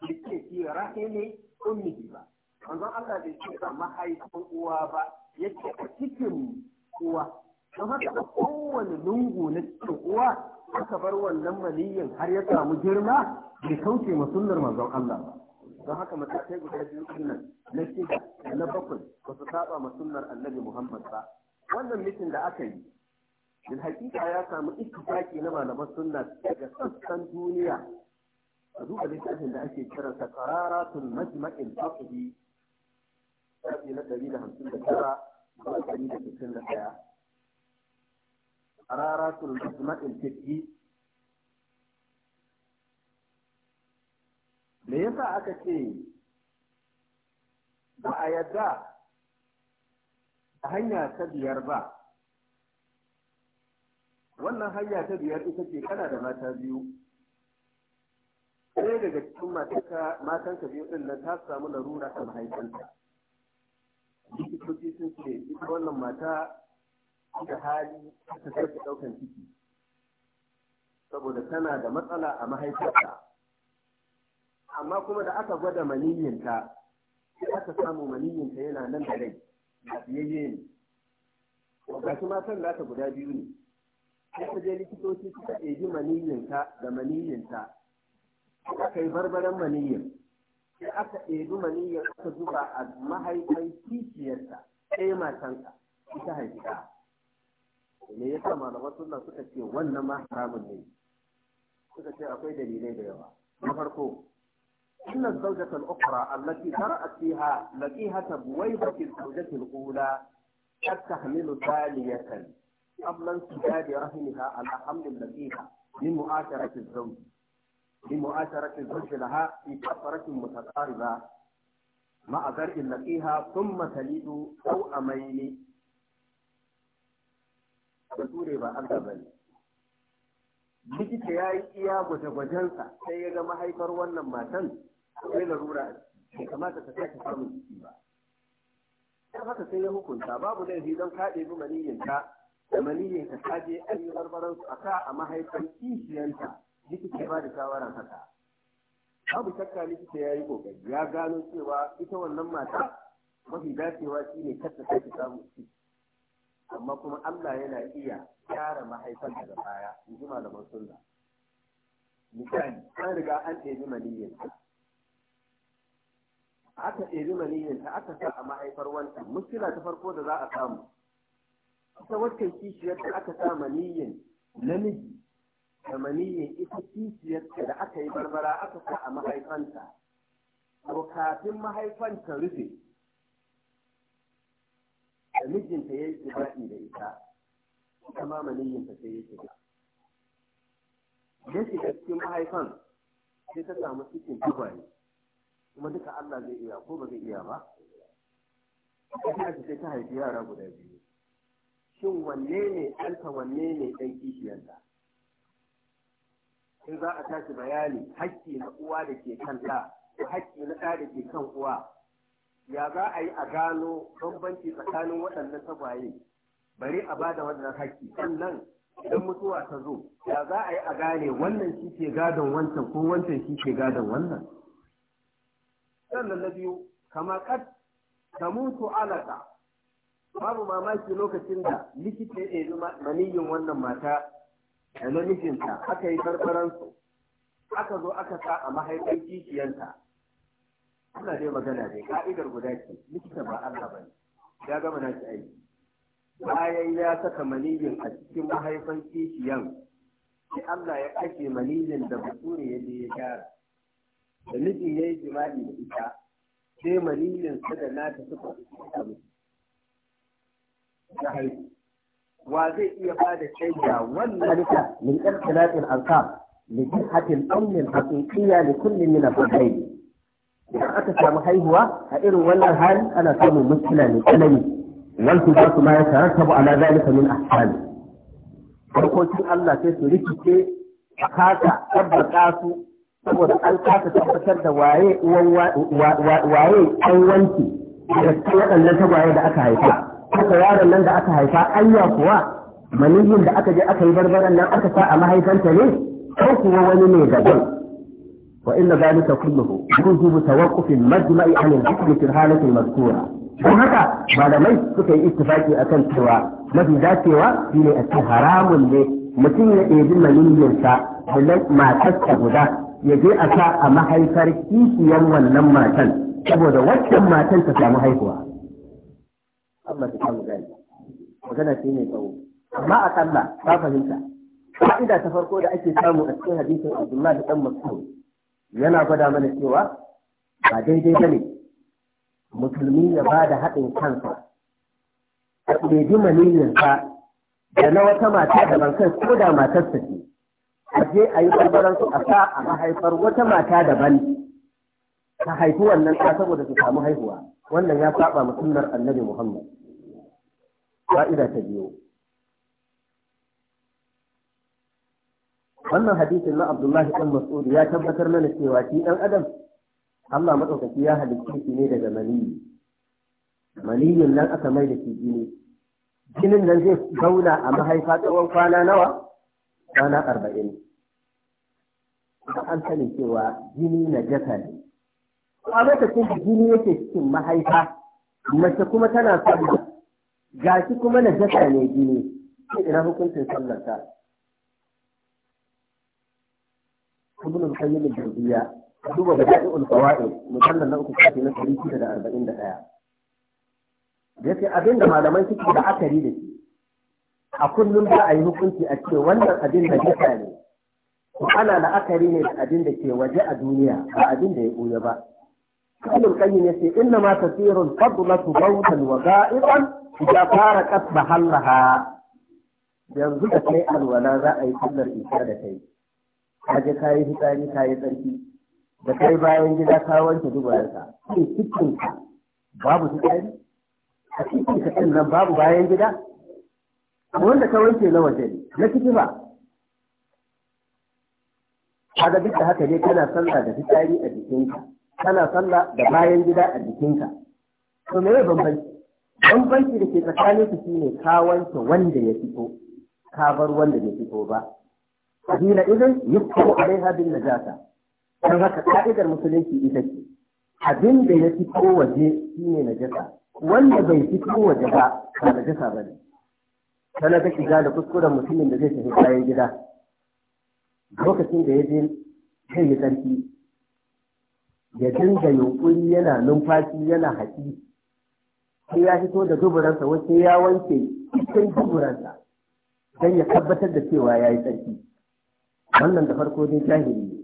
yake fi rahimi ummi ba manzon Allah bai ce ba mahaifin uwa ba yake a cikin uwa don haka a kowane lungu na cikin uwa aka bar wannan maniyin har ya samu girma bai kauce ma sunnar manzon Allah ba don haka matakai guda biyu nan na shida na bakwai ba su saba ma sunnar annabi Muhammad ba wannan mitin da aka yi bil hakika ya samu ittifaki na malaman sunna daga sassan duniya a duba littafin da ake kiran sa qararatul majma'il fiqhi shafi na 159 zuwa 161 qararatul majma'il fiqhi me yasa aka ce ba a yadda hanya ta biyar ba wannan hanya ta biyar ita ce kana da mata biyu ɗaya daga cikin matanka matanka biyu ɗin nan ta samu larura a mahaifinta likitoci sun ce ita wannan mata da hali ta sarki ɗaukan ciki saboda tana da matsala a mahaifinta amma kuma da aka gwada maniyyinta aka samu maniyin ta yana nan da rai biyayye ne ga shi matan nata guda biyu ne sai ta je likitoci suka ɗebi maniyin da maniyin ta aka yi barbaran maniyin sai aka ɗebi maniyin aka zuba a mahaifan kishiyarta ɗaya matanka ita haifa. ne me yasa malaman sunna suka ce wannan ma haramun ne suka ce akwai dalilai da yawa na farko إن الزوجة الأخرى التي قرأت فيها لقيها بويضة الزوجة الأولى قد تحمل ثانية قبل انسداد رحمها على حمل لقيها لمؤاشرة الزوج لمؤاشرة الزوج لها في فترة متقاربة مع درء لقيها ثم تلد أو أمين bature ba Allah bane likita ya yi iya gwaje-gwajensa sai ya ga mahaifar wannan matan akwai larura bai kamata ka sake samun ciki ba dan haka sai ya hukunta babu laifi don ka ɗebi maniyyanta da maniyyinka ta je an yi barbaran su ka a mahaifar kishiyanta likita ba da shawaran haka babu shakka likita ya yi ƙoƙari, ya gano cewa ita wannan mata mafi dacewa shi ne ta sake samun ciki amma kuma Allah yana iya gyara mahaifar daga baya in ji malaman sunna misali an riga an ɗebi maniyyinka aka ɗebi maniyin ta aka sa a ma'aifar wanta muskila ta farko da za a samu ita wacce kishiyar da aka sa maniyin namiji da maniyin ita kishiyar da aka yi barbara aka sa a mahaifanta to kafin mahaifanta rufe da mijinta ya yi jima'i da ita ita ma maniyinta sai ya shiga ya shiga cikin mahaifan sai ta samu cikin tagwaye kuma duka Allah zai iya ko ba zai iya ba ta sai ta haifi yara guda biyu shin wanne ne ɗanta wanne ne ɗan kishiyarta in za a tashi bayani hakki na uwa da ke kan ɗa ko hakki na ɗa da ke kan uwa ya za a yi a gano bambanci tsakanin waɗannan tagwaye bari a bada wannan hakki sannan idan mutuwa ta zo ya za a yi a gane wannan shi ke gadon wancan ko wancan shi ke gadon wannan sannan na biyu kama kad tamutu alaka babu mamaki lokacin da likita ya ɗebi maniyin wannan mata da namijinta aka yi farfaransu aka zo aka sa a mahaifin kishiyanta ana dai magana dai ka'idar guda ce likita ba Allah bane ya gama na aiki bayan ya saka maniyin a cikin mahaifin kishiyan sai Allah ya kashe maniyin da bature ya je ya gyara da miji ya yi jima'i da ita sai su da nata suka fita musu na haihu wa zai iya ba da shaida wannan ta min ƙarfinatin ansa da jihatin ɗaunin haƙiƙiya da kullum min abin idan aka samu haihuwa a irin wannan hali ana samun muskila mai tsanani wanda za su ma ya tarattabu ala zalika min ahsani farkokin Allah sai su rikice a kasa tabbata su saboda an kasa tabbatar da waye waye wanki da cikin waɗannan tagwaye da aka haifa haka yaron nan da aka haifa anya kuwa maniyin da aka je aka yi barbaran nan aka sa a mahaifanta ne ko kuwa wani ne daban وإن ذلك كله يوجب توقف المجمع عن الحكم في الحالة المذكورة don haka malamai suka yi ittifaki akan cewa mafi dacewa shine a ce haramun ne mutum ya ɗebi maniyyarsa da matarsa guda ya je a sa a mahaifar kishiyar wannan matan saboda waccan matan ta samu haihuwa Allah ta samu gani magana ce mai tsawo amma a kalla ta fahimta fa'ida ta farko da ake samu a cikin hadisin Abdullahi dan Mas'ud yana gwada mana cewa ba daidai ba ne. musulmi ya ba da haɗin kansa a ɗebi maniyinsa da na wata mata da bankan ko da matarsa ce a je a yi su a sa a mahaifar wata mata daban ta haifi wannan ta saboda su samu haihuwa wannan ya saba mu annabi Muhammad fa'ida ta biyo. wannan hadisin na Abdullahi ɗan Mas'ud ya tabbatar mana cewa shi ɗan adam Allah maɗaukaki ya halicce shi ne daga maliyu. Maliyun nan aka mai da shi jini jinin nan zai zauna a mahaifa tsawon kwana nawa kwana arba'in da an sani cewa jini na jasa ne a lokacin da jini yake cikin mahaifa mace kuma tana sallah shi kuma na jasa ne jini sai ina hukuncin sallar ta ibn al-qayyim al-jawziyya duba bada'i'ul fawaid mujallal na uku kafi na 641 yace abinda malaman suke da akari da shi a kullum za a yi hukunci a ce wannan abin da bisa ne ana la'akari ne da abin da ke waje a duniya ba abin da ya ɓuya ba Kullum kanyi ne sai inna ma tasirun fadlatu bautan wa ga'iban ya fara kasba hallaha yanzu da kai alwala za a yi sallar isa da kai kaje kayi fitsari kayi tsarki da kai bayan gida ka wanke dubayanka cikin cikin babu fitsari a cikin ka nan babu bayan gida wanda ka wanke na waje ne na ciki ba kaga duk da haka ne kana sallah da fitsari a jikinka kana sallah da bayan gida a jikinka to me bambanci bambanci da ke tsakanin su shine ka wanke wanda ya fito ka bar wanda bai fito ba kabila idan yukku alaiha bin najasa dan haka ka'idar musulunci ita ce Abinda ya fito waje shine najasa wanda bai fito waje ba ba najasa bane sana shiga da kuskuren mutumin da zai tafi bayan gida lokacin da ya je zai yi tsarki ya dinga yunkuri yana numfashi yana haƙi sai ya fito da duburansa wace ya wanke cikin duburansa don ya tabbatar da cewa ya yi tsarki wannan da farko dai jahili ne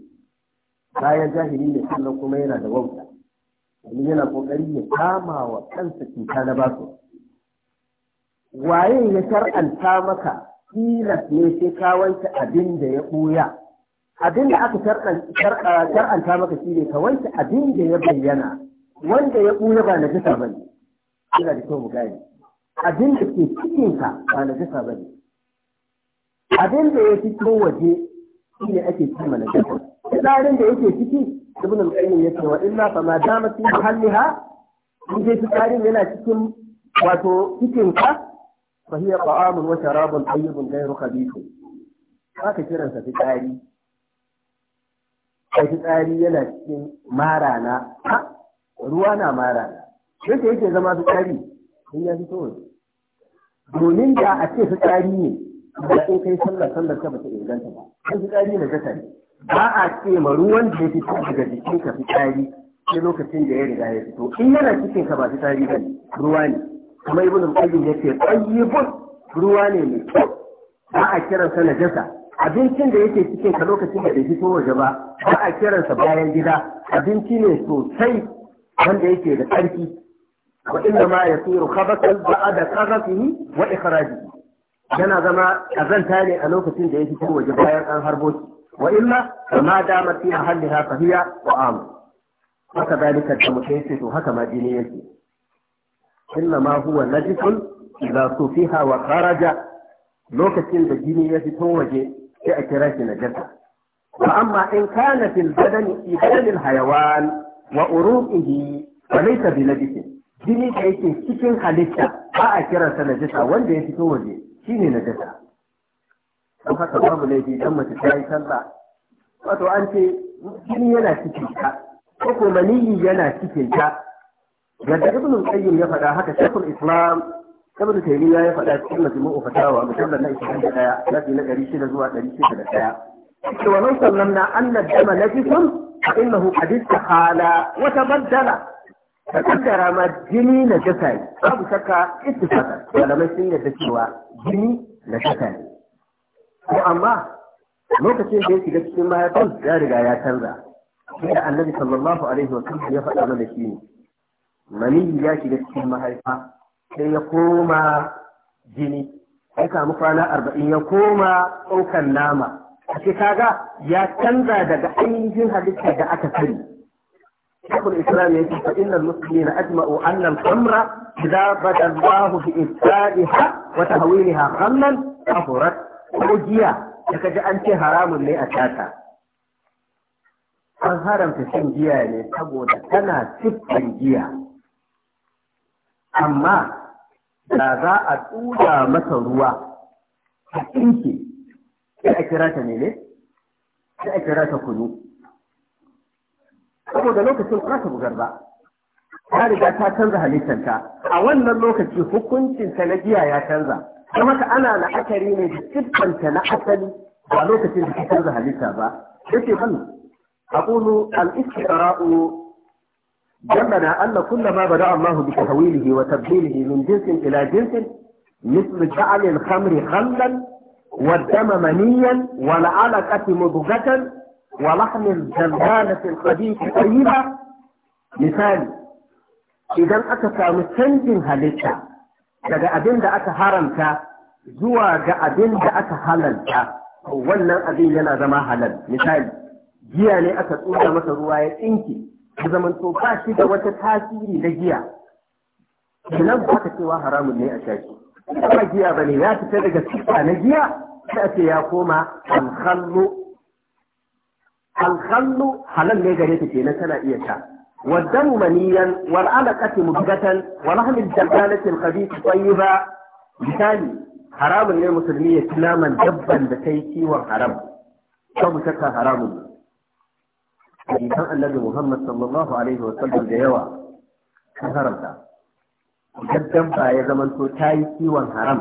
bayan jahili ne sannan kuma yana da wauta domin yana kokari ya kama wa kansa cuta na basu waye ya shar'anta maka tilas ne sai ka wanke abin da ya ɓuya abin da aka shar'anta maka shi ne ka wanke abin da ya bayyana wanda ya ɓuya ba na jisa ba ne ina da kyau mu gane abin da ke cikinka ba na jisa ba ne abin da ya fito waje shi ne ake ci mana jisa tsarin da yake ciki ibn al-qayyim ce wa illa fa ma dama fi mahalliha in dai tsarin yana cikin wato cikin ka fa hiya ta'amun wa sharabun tayyibun ghayru khabith haka kiransa fitsari ai fitsari yana cikin marana. na ruwa na mara na yadda yake zama fitsari in ya fito waje domin da a ce fitsari ne da in kai sallar sallar ka bata inganta ba sai fitsari ne zaka ne ba a ce ma ruwan da ya fito daga jikin ka fitsari sai lokacin da ya riga ya fito in yana cikin ka ba fitsari ba ne ruwa ne kuma ibn al-qayyim yace tayyibun ruwa ne mai kyau ba a kiransa najasa abincin da yake cikin ka lokacin da bai fito waje ba ba a kiransa bayan gida abinci ne sosai wanda yake da tsarki wa inna ma yasiru khabathan ba'da qaghathihi wa ikhrajihi yana zama azanta ne a lokacin da ya fito waje bayan an harbo shi wa illa ma dama fi mahalliha fa hiya wa am haka dalika da mutai to haka ma dini yake innama huwa najisun idza fi hawa karaja. lokacin da jini ya fito waje sai a kira shi najasa fa amma in kana fil badani ibadan al hayawan wa uruqihi fa laysa bi najisin jini da yake cikin halitta ba a kiransa najasa wanda ya fito waje shine najasa don haka babu laifi dan mace ta yi an ce jini yana cikin ta yana cikin ta yadda ibn al-qayyim ya faɗa haka shaykhul islam ibn taymiya ya faɗa cikin majmu' fatawa mujallal na 21 shafi na 600 zuwa 601 cewa man sallamna anna dama najisun fa innahu qad istahala wa tabaddala ka kaddara ma jini na jasa ne babu shakka ittifaqan malamai sun yarda cewa jini na jasa ne ko amma lokacin da ya shiga cikin mahaifin ya riga ya canza sai da annabi sallallahu alaihi wa sallam ya faɗa mana shi ne mani ya shi cikin mahaifa sai ya koma jini ai ka arba'in ya koma saukan nama sai kaga ya canza daga ainihin halittar da aka sani kafir islami yake fa innal muslimina ajma'u anna al-khamra idha bada Allahu bi ittaha wa tahwilha khamlan afurat ujiya daga da an ce haramun ne a tsaka an haramta cin giya ne saboda tana siffan giya amma da za a tura masa ruwa a tsinke sai a kira ta mene sai a kira ta kunu saboda lokacin ba ta bugar ba ta riga ta canza halittanta a wannan lokaci hukuncin ta na giya ya canza kuma ta ana la'akari ne da siffanta na asali ba lokacin da ta canza halitta ba yake hannu أقول الاستقراء جمعنا أن كل ما بدأ الله بتحويله وتبديله من جنس إلى جنس مثل جعل الخمر خلا والدم منيا والعلقة مضغة ولحم الجلالة الخبيث طيبة مثال إذا أكثر مستنجم هلتا daga abin da aka haramta zuwa ga abin da aka halalta wannan abin yana zama halal misali giya ne aka tsura masa ruwa ya tsinki ya zamanto ba shi da wata tasiri na giya nan ba ka cewa haramun ne a shashi ba giya ba ne ya fita daga sifa na giya sai a ce ya koma alhallu alhallu halal ne gare ta kenan tana iya sha والدم منيا والعلقة مبدة ولحم الجبانة الخبيث طيبا misali haramun ne musulmi ya ci naman dabban da ta yi kiwon haram, ko shakka haramun ne. hadisan annabi Muhammad sallallahu alaihi wa sallam da yawa an haramta idan dabba ya zamanto ta yi kiwon haram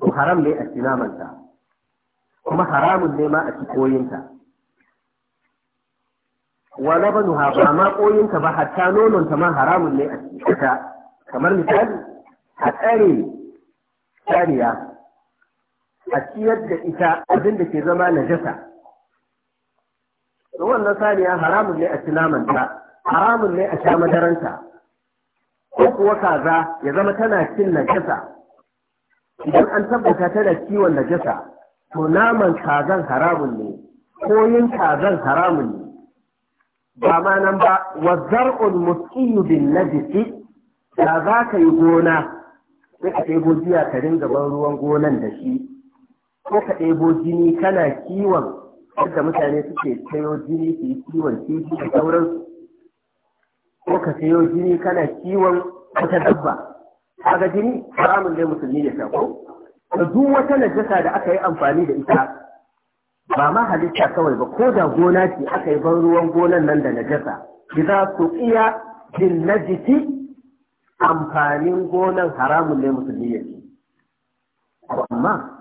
to haram ne a sinamanta kuma haramun ne ma a ci koyinta banu ha ba ma koyinta ba hatta nononta ma haramun ne a ci ta kamar misali a tsare tsariya a ciyar da ita abinda ke zama najasa wannan saniya haramun ne a ci haramun ne a sha madaranta ko kuwa kaza ya zama tana cin najasa idan an tabbata tana ciwon najasa to naman kazan haramun ne ko koyin kazan haramun ne ba ma nan ba wa zar'un musqiyu bin najisi da za ka yi gona sai ka ɗebo jiya ka ringa ban ruwan gonan da shi ko ka ɗebo jini kana kiwon yadda mutane suke sayo jini su yi kiwon kifi da sauransu ko ka sayo jini kana kiwon wata dabba kaga jini haramun dai musulmi ya sha ko da duk wata najasa da aka yi amfani da ita ba ma halitta kawai ba ko da gona ce aka yi ban ruwan gonan nan da najasa su iya bin najisi amfanin gonan haramun ne musulmi ya amma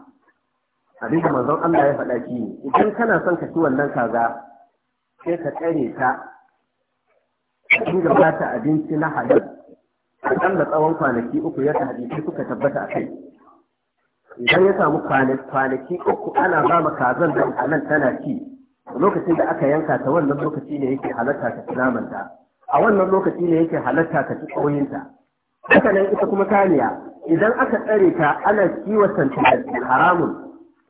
abin da manzon Allah ya faɗa shi ne idan kana son ka ci wannan kaza sai ka tsare ta in ga ba ta abinci na halal da tsawon kwanaki uku ya ta hadisi suka tabbata a kai idan ya samu kwanaki uku ana ba ma kazan da halal tana ci lokacin da aka yanka ta wannan lokaci ne yake halatta ka ci namanta a wannan lokaci ne yake halatta ka ci ta. haka nan ita kuma kaniya idan aka tsare ta ana ta haramun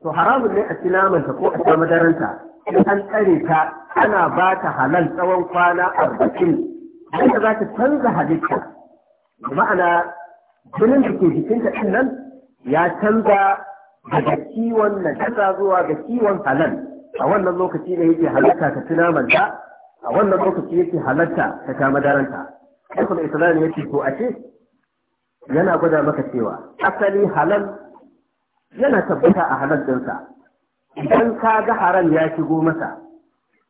to haramun ne a ci ko a ci madaranta in an tsare ta ana ba ta halal tsawon kwana arba'in wanda za ta canza halitta ma'ana jinin da ke jikinta ɗin nan ya canza daga kiwon najasa zuwa ga kiwon halal a wannan lokaci ne yake halatta ta ci namanta a wannan lokaci yake halatta ta ta madaranta kuma islam yake to a ce yana gwada maka cewa asali halal yana tabbata a halar idan ka ga haram ya shigo masa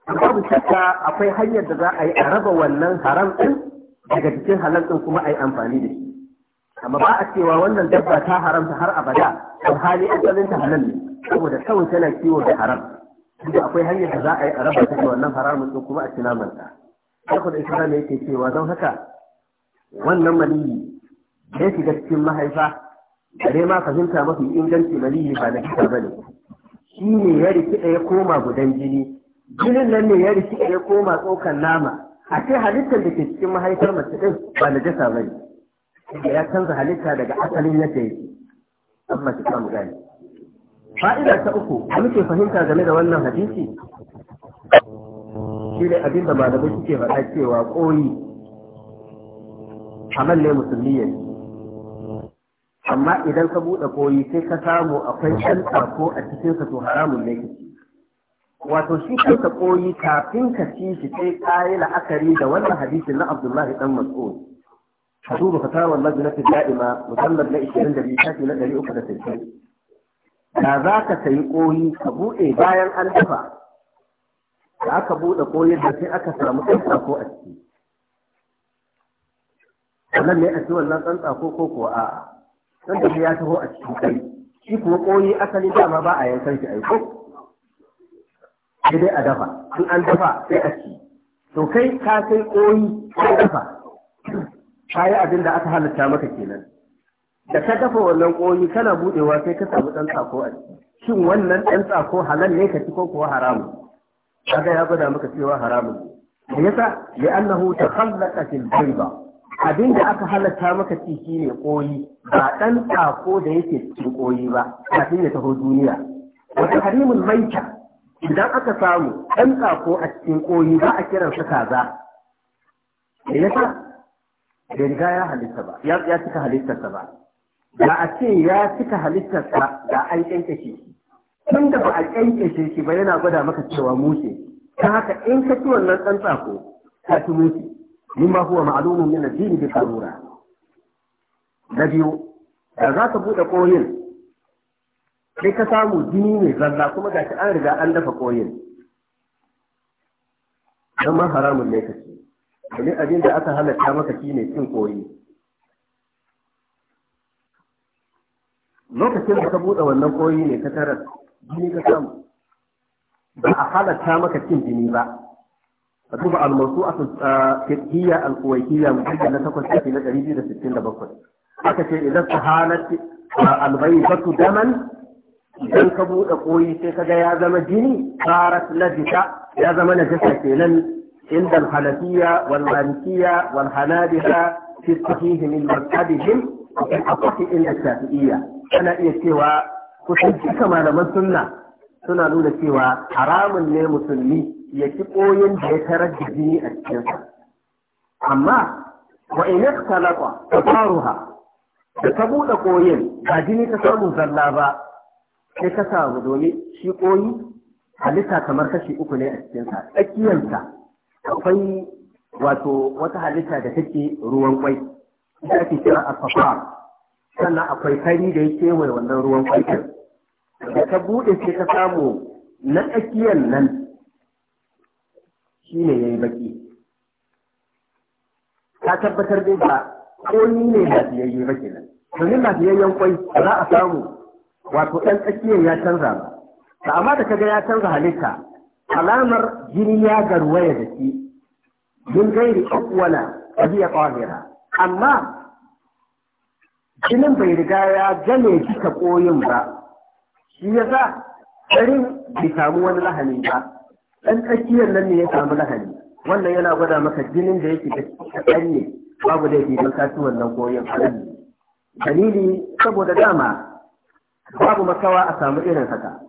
babu shakka akwai hanyar da za a yi a raba wannan haram ɗin daga cikin halal ɗin kuma a yi amfani da shi amma ba a cewa wannan dabba ta haramta har abada alhali asalin ta halal ne saboda kawai tana kiwo da haram duk akwai hanyar da za a yi a raba ta da wannan haramun ɗin kuma a ci naman ta da Islam yake cewa don haka wannan maniyi ya shiga cikin mahaifa bare ma fahimta mafi inganci yi ba na kisa ne. shi ne ya rikida ya koma gudan jini jinin nan ne ya rikida ya koma tsokan nama a ce halittar da ke cikin mahaifar mace ɗin ba na jasa bane ya canza halitta daga asalin yadda yake amma ki samu gani fa'ida ta uku da muke fahimta game da wannan hadisi shi ne abin da malamai suke faɗa cewa koyi a ne musulmi ne amma idan ka buɗe koyi sai ka samu akwai ɗan ko a cikinsa to haramun ne wato shi kanka koyi kafin ka ci shi sai ka yi la'akari da wannan hadisin na Abdullahi dan Mas'ud ka duba fatawar majalisar da'ima musallar na 22 shafi na 360 da za ka sayi koyi ka buɗe bayan an dafa da aka buɗe koyi da sai aka samu ɗan ko a ciki sannan ne a ci wannan ɗan ko ko a'a wanda ya taho a cikin kai shi kuma koyi asali dama ba a yankan shi aiko sai dai a dafa in an dafa sai a ci to kai ka kai koyi ka dafa ka yi abin da aka halitta maka kenan da ka dafa wannan koyi kana budewa sai ka samu dan tsako a ciki shin wannan dan tsako halal ne ka ci ko kuwa haramun kaga ya gwada maka cewa haramun ne yasa li annahu takhallaqa fil bayda abin da aka halatta maka ci ne koyi ba ɗan tsako da yake cikin koyi ba kafin ya taho duniya wata harimin maita idan aka samu ɗan tsako a cikin koyi ba a kiran sa kaza da yasa bai riga ya halitta ba ya cika halittarsa ba da a ce ya cika halittarsa da an kyanke shi tun da ba a kyanke shi ba yana gwada maka cewa mushe ta haka in ka ci wannan ɗan tsako ka ci mushe mimma huwa ma'lumun min ad-din bi darura da biyu da za ka bude koyin sai ka samu jini ne zalla kuma ga an riga an dafa koyin don ma haramun ne kace domin abin da aka halatta maka shine cin koyi lokacin da ka buɗe wannan koyi ne ka tarar jini ka samu ba a halatta maka cin jini ba a duba almasu a fiqhiyya al-kuwaitiyya mujallad na takwas shafi na ɗari biyu da da sittin 267 aka ce idan sahalat al-baydatu daman idan ka buɗe koyi sai ka ga ya zama jini na najisa ya zama na najasa kenan inda al-halafiyya wal malikiyya wal hanabila fi sahih min madhhabihim akwai inda shafi'iyya ana iya cewa kusan duka malaman sunna suna nuna cewa haramun ne musulmi ya ci koyon da ya tarar da jini a cikinsa amma wa in ikhtalaqa tafaruha da ta buɗe koyin ba jini ta samu zalla ba sai ka samu domin shi koyi halitta kamar kashi uku ne a cikinsa tsakiyarsa akwai wato wata halitta da take ruwan kwai ita ake kira sannan akwai fari da ya kewaye wannan ruwan kwai da ta buɗe sai ka samu na tsakiyar nan shi ne ya yi baki ka tabbatar dai ba ko ni ne lafiyayye ba kenan domin lafiyayyen kwai za a samu wato ɗan tsakiyar ya canza ba Ba amma da kaga ya canza halitta alamar jini ya garwaya da shi min gairi aqwala wa hiya ƙwahira amma jinin bai riga ya gane kika ta koyin ba shi ya yasa ɗarin bai samu wani lahani ba ɗan tsakiyar nan ne ya samu lahani wannan yana gwada maka jinin da yake da ne babu laifi don kasuwan nan koyon halali dalili saboda dama babu makawa a samu irin haka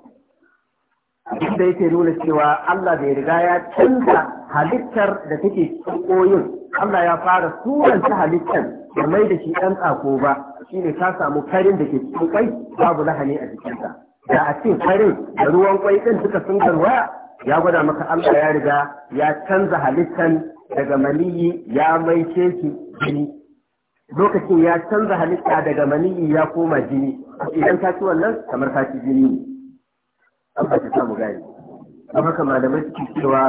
duk da yake nuna cewa Allah bai riga ya canza halittar da take cikin koyin Allah ya fara suranta halittar da mai da shi ɗan tsako ba shi ne ka samu karin da ke cikin kwai babu lahani a jikinsa da a cikin karin da ruwan kwai ɗin duka sun garwaya ya gwada maka Allah ya riga ya canza halittan daga maniyi ya mai shi jini lokacin ya canza halitta daga maniyi ya koma jini idan ka ci wannan kamar ka ci jini ne Amma ta samu gani don malamai suke cewa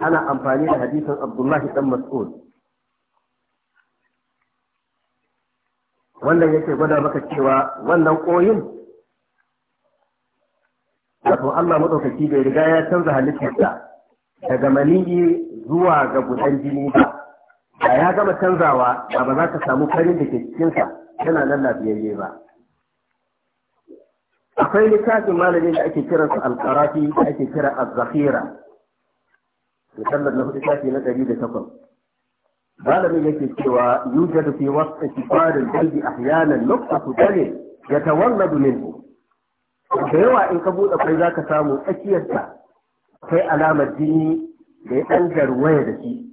ana amfani da hadisin Abdullahi dan Mas'ud wannan yake gwada maka cewa wannan koyin wato Allah madaukaki bai riga ya canza halittarsa daga maniyi zuwa ga gudan jini ba da ya gama canzawa ba ba za ka samu farin da ke cikinsa yana nan lafiyayye ba akwai littafin malamin da ake kiransa alkarafi da ake kira azzafira musallar na hudu shafi na ɗari da takwas malamin yake cewa yujadu fi wasu ikifarin dalbi ahyanan nufsa su tare ya tawalladu minhu da yawa in ka buɗe kwai ka samu tsakiyarsa sai alamar jini da ya ɗan garwaya da shi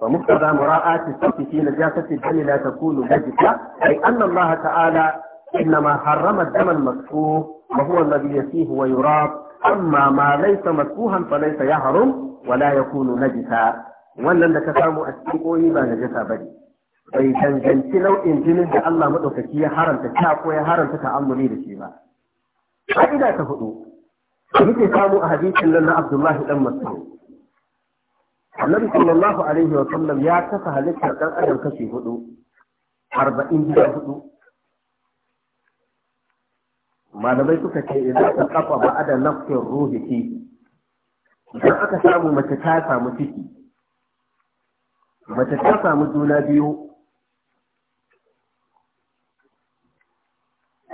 wa muqtada mura'ati sabti na jasati dani la takunu bajika ay anna Allah ta'ala إنما حرم الدم المسفوح Amma الذي يسيه masu أما ما ya harum wala ya ولا na نجسا wannan da ka samu a cikin koyi ba na jasa bari. bai danganci nau'in jinin da Allah maɗaukaki ya haramta ta ko ya haramta ta'ammuli da shi ba ka'ida ta hudu muke samu a hadisin nan na Abdullahi dan Mas'ud Annabi sallallahu alaihi wa sallam ya kafa halittar dan adam kashi hudu arba'in gida hudu malamai suka ce idan ka kafa ba da nafsin ruhi ce idan aka samu mace ta samu ciki mace ta samu juna biyu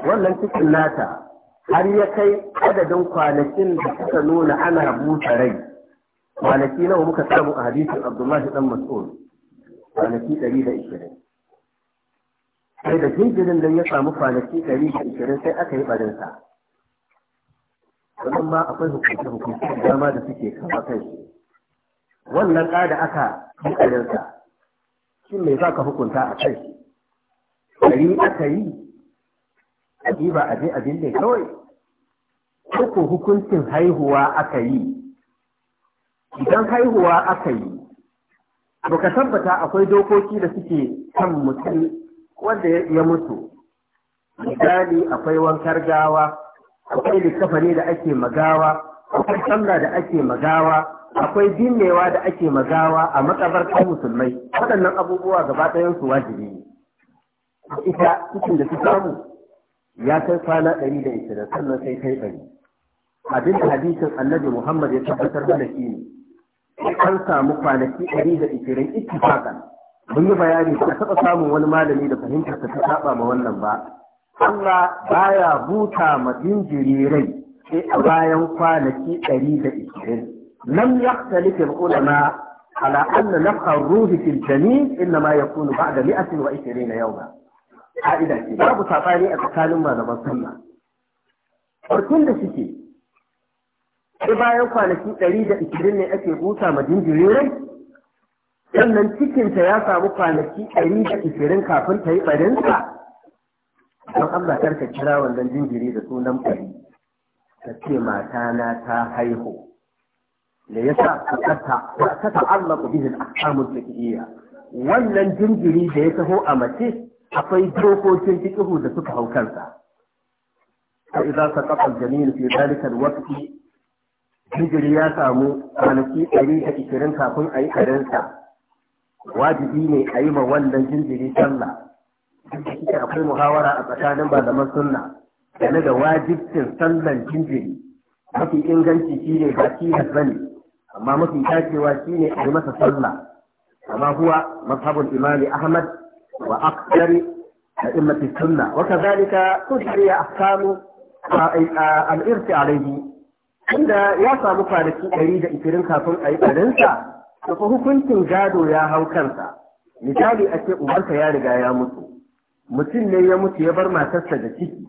wannan cikin nata har ya kai adadin kwanakin da suka nuna ana busa rai kwanaki nawa muka samu a hadisin abdullahi dan mas'ud kwanaki 120 da ishirin sai da jinjirin don ya samu kwanaki 120 da ishirin sai aka yi barin wannan ma akwai hukunce hukunce da dama da suke kama kai wannan kada aka yi sa shi mai za ka hukunta a kai ɗari aka yi a ba a je abin ne kawai uku hukuncin haihuwa aka yi idan haihuwa aka yi ka tabbata akwai dokoki da suke kan mutum wanda ya mutu misali akwai wankar gawa akwai likafani da ake magawa akwai sallah da ake magawa akwai binnewa da ake magawa a makabartar musulmai waɗannan abubuwa gaba ɗayan su wajibi ne ita cikin da su samu ya kai kwana ɗari da ishirin sannan sai kai ɗari abin da hadisin annabi Muhammad ya tabbatar da shi ne an samu kwanaki ɗari da ishirin ittifakan mun yi bayani ba taɓa samun wani malami da fahimtar ta saba ma wannan ba Allah baya buta ma jinjiri rai sai a bayan kwanaki ɗari da ishirin lam yaktalif ulama ala anna nafha ruhi fil jami inna ma yakunu ba'da mi'atin wa yau yawma ka'ida ce babu sabani a tsakanin malaman sunna farkon da suke sai bayan kwanaki ɗari da ishirin ne ake busa ma jinjiri rai sannan cikinta ya samu kwanaki ɗari da ishirin kafin ta yi ɓarinsa don Allah ka kira wannan jinjiri da sunan ɓari Ta ce matana ta haihu da ya sa ka ku bihin ahkamun fiqhiyya wannan jinjiri da ya taho a mace akwai dokokin fiqhu da suka hau kansa fa idza saqata al-jamil fi hijiri ya samu kwanaki ɗari da ishirin kafin a yi karinsa wajibi ne a yi ma wannan jinjiri sallah duk da akwai muhawara a tsakanin malaman sunna game da wajibcin sallan jinjiri mafi inganci shi ne ba shi amma mafi tacewa shi ne a yi masa sallah amma huwa mazhabul imami ahmad wa aktsari a'immati sunna wa kadhalika tujri ahkamu al-irti alayhi inda ya samu kwanaki ɗari da ishirin kafin a yi ɗarinsa, da hukuncin gado ya hau kansa misali a ce ubarka ya riga ya mutu mutum ne ya mutu ya bar matarsa da ciki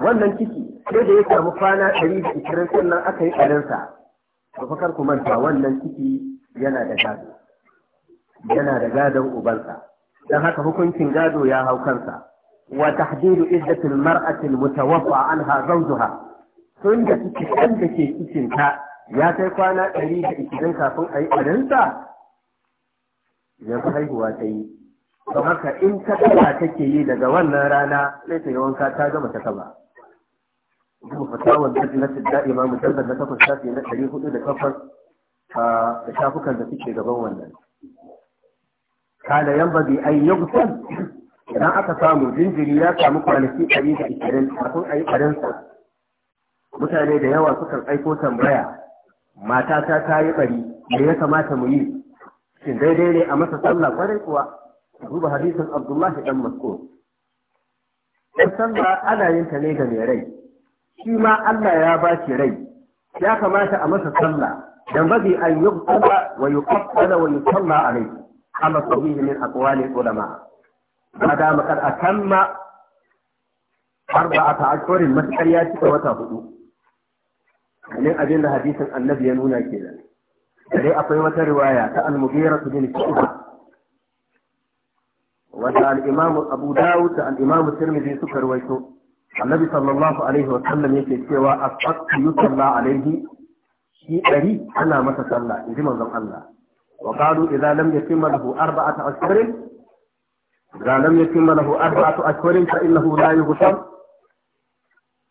wannan ciki sai da ya samu kwana ɗari da ishirin sannan aka yi ɗarinsa, da fakar ku manta wannan ciki yana da gado yana da gadon ubansa don haka hukuncin gado ya hau kansa wa tahdidu iddatil mar'atil mutawaffa anha zawjuha sun da suke ɗan da ke cikinta ya kai kwana ɗari da ishirin kafin a yi ɗarinsa fi haihuwa ta yi don haka in ta kaba take yi daga wannan rana sai ta yi wanka ta gama ta kaba kuma fatawar majalisar da'ima mujallar na takwas shafi na ɗari hudu da takwas da shafukan da suke gaban wannan kada yambagi an yugsan idan aka samu jinjiri ya samu kwanaki ɗari da ikirin kafin a yi ɗarinsa mutane da yawa sukan aiko tambaya matata ta yi bari me ya kamata mu yi shin daidai ne a masa sallah kwarai kuwa duba hadisin abdullahi dan masko dan sallah ana yin ta ne ga mai rai shi ma Allah ya ba shi rai ya kamata a masa sallah dan bazi an yubtala wa yuqaffala wa yusalla alayhi kama sahihi min aqwali ulama ba da makar atamma arba'ata ashhurin matakar cika wata hudu domin abin da hadisin annabi ya nuna ke Da dai akwai wata riwaya ta al-mughira bin shu'ba wata al-imam abu dawud da al-imam tirmidhi suka rawaito annabi sallallahu alaihi wa sallam yake cewa as-saqq yusalla alaihi shi dari ana masa sallah inji manzon Allah wa qalu idza lam yatim lahu arba'atu ashhurin idza lam yatim lahu arba'atu ashhurin fa innahu la yughsal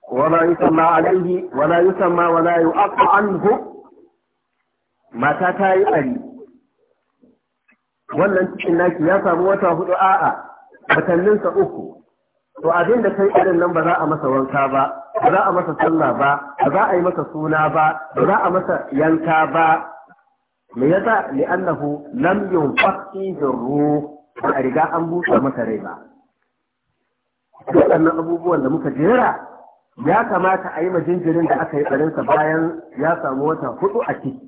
ولا يسمى عليه ولا يسمى ولا يؤقى عنه mata ta yi ɓari wannan cikin naki ya samu wata hudu a'a watanninsa uku to abin da kai irin nan ba za a masa wanka ba ba za a masa sallah ba ba za a yi masa suna ba ba za a masa yanka ba me yasa li'annahu lam yunfaq fihi ruh ba a riga an busa masa rai ba waɗannan abubuwan da muka jera ya kamata a yi ma jinjirin da aka yi barinsa bayan ya samu wata hudu a ciki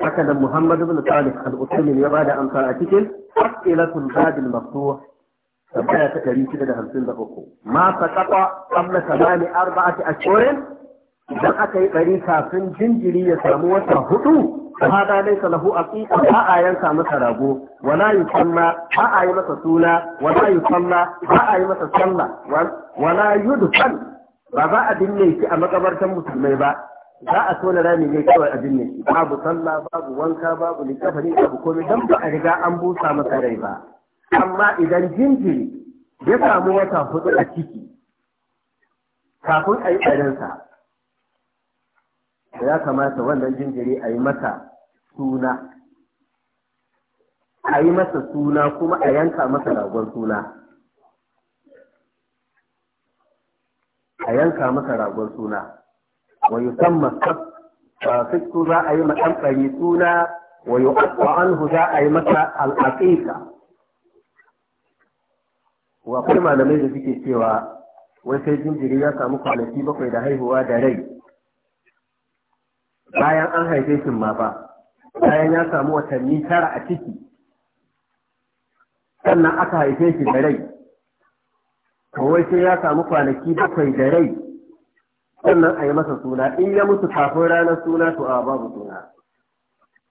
haka nan muhammadu bin salih al ya ya da amsa a cikin asilatul babil da tabbaya ta ɗari shida da hamsin da uku ma saqata qabla tamami arba'ati ashhurin idan aka yi bari kafin jinjiri ya samu wata hudu hada laysa lahu aqiqa ba a yanka masa rago wala yusalla ba a yi masa suna wala yusalla ba a yi masa sallah wala yudfan ba za a binne shi a makabartan musulmai ba za a tona rami ne kawai a binne shi babu sallah babu wanka babu likafani babu komai dan ba a riga an busa masa rai ba amma idan jinjiri ya samu wata hudu a ciki kafin a yi ɗarinsa ya kamata wannan jinjiri a yi masa suna a yi masa suna kuma a yanka masa ragon suna a yanka masa ragon suna wa yusamma fitu za a yi maɗanɓari suna wa yu'atta anhu za a yi masa al'aqiqa wa akwai malamai da suke cewa wai sai jinjiri ya samu kwanaki bakwai da haihuwa da rai bayan an haife shi ma ba bayan ya samu watanni tara a ciki sannan aka haife shi da rai kawai sai ya samu kwanaki bakwai da rai sannan a yi masa suna in ya mutu kafin ranar suna to a babu suna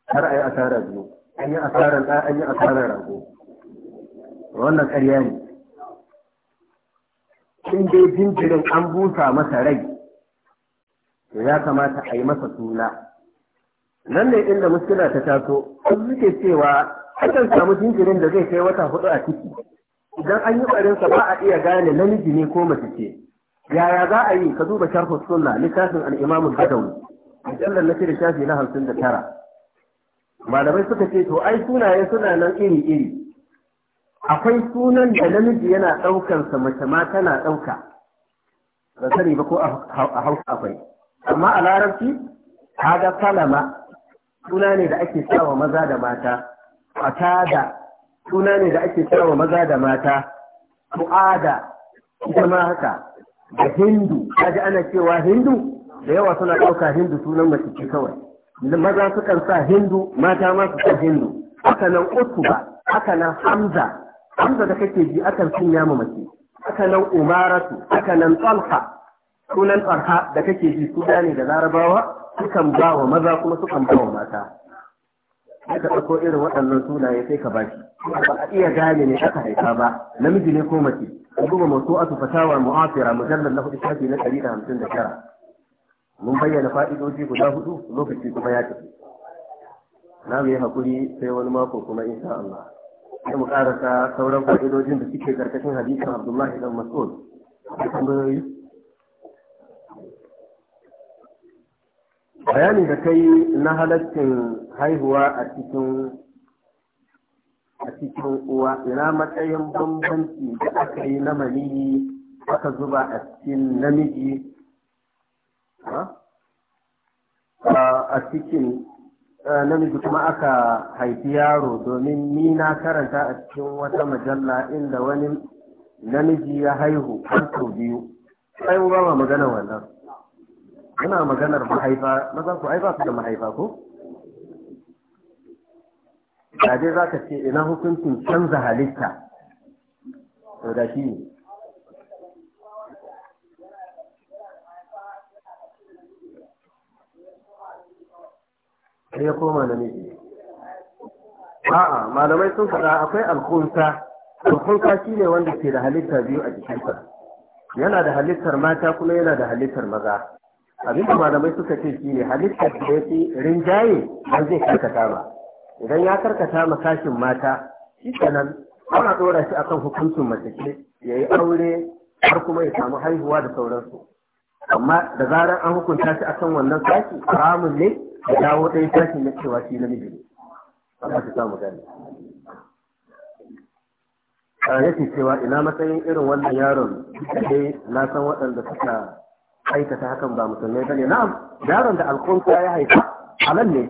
har a yi asarar biyu an yi asarar ɗaya an yi asarar rago wannan ƙarya ne in dai jinjirin an busa masa rai to ya kamata a yi masa suna nan ne inda muskila ta taso wasu suke cewa akan samu jinjirin da zai kai wata hudu a ciki idan an yi barinsa ba a iya gane namiji ne ko mace ce yaya za a yi ka duba sharh sunna littafin al-imam al-badawi mujallar na shida shafi na hamsin da tara malamai suka ce to ai sunaye suna nan iri iri akwai sunan da namiji yana ɗaukansa mace ma tana ɗauka ba sani ba ko a hausa akwai amma a larabci kaga salama suna ne da ake sawa maza da mata fatada suna ne da ake sawa maza da mata tu'ada ita ma haka da hindu kaji ana cewa hindu da yawa suna ɗauka hindu sunan mace ce kawai maza sukan sa hindu mata ma su sa hindu haka nan utuba haka nan hamza hamza da kake ji akan sun yama mace haka nan umaratu haka nan talha sunan arha da kake ji su ne da larabawa sukan ba wa maza kuma sukan ba wa mata sai ka ɗauko irin waɗannan sunaye sai ka bashi ba a iya gane ne aka haifa ba namiji ne ko mace kuma masu asu fatawa mu'afira mujallar na hudu shafi na ɗari da hamsin da tara mun bayyana fa'idoji guda hudu lokaci kuma ya tafi na mu yi haƙuri sai wani mako kuma insha Allah sai mu ƙarasa sauran fa'idojin da suke ƙarƙashin hadisin Abdullahi dan Mas'ud. bayani da kai na halaccin haihuwa a cikin uwa ina matsayin bambanci da aka yi na maniyi aka zuba a cikin namiji a cikin namiji kuma aka haifi yaro domin ni na karanta a cikin wata majalla inda wani namiji ya haihu har sau biyu sai mu gama magana wannan muna maganar mahaifa maza ku ai ba su da mahaifa ko Gaje za ka ce ina hukuncin canza halitta to da shi ne ya koma namiji a'a malamai sun faɗa akwai alkunsa alkunsa ne wanda ke da halitta biyu a jikinsa yana da halittar mata kuma yana da halittar maza abinda malamai suka ce shi ne halittar da ya fi rinjaye don zai karkata ba idan ya karkata ma kashin mata shi kenan ana ɗora shi akan hukuncin mace ce ya yi aure har kuma ya samu haihuwa da sauransu amma da zarar an hukunta shi akan wannan sashi haramun ne ya dawo ɗaya sashi na cewa shi namiji ne amma shi samu gani yake cewa ina matsayin irin wannan yaron dai na san waɗanda suka aikata hakan ba musulmai ne na'am yaron da alkunta ya haifa halal ne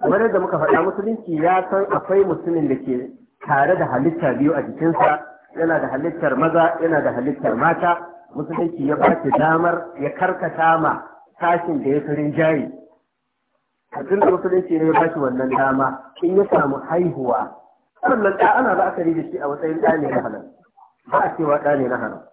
kamar yadda muka faɗa musulunci ya san akwai musulmin da ke tare da halitta biyu a jikinsa yana da halittar maza yana da halittar mata musulunci ya ba damar ya karkata ma sashin da ya fi rinjaye a tun da musulunci ne ya ba wannan dama in ya samu haihuwa sannan ɗa ana la'akari da shi a matsayin ɗa ne na halal ba a cewa ɗa ne na halal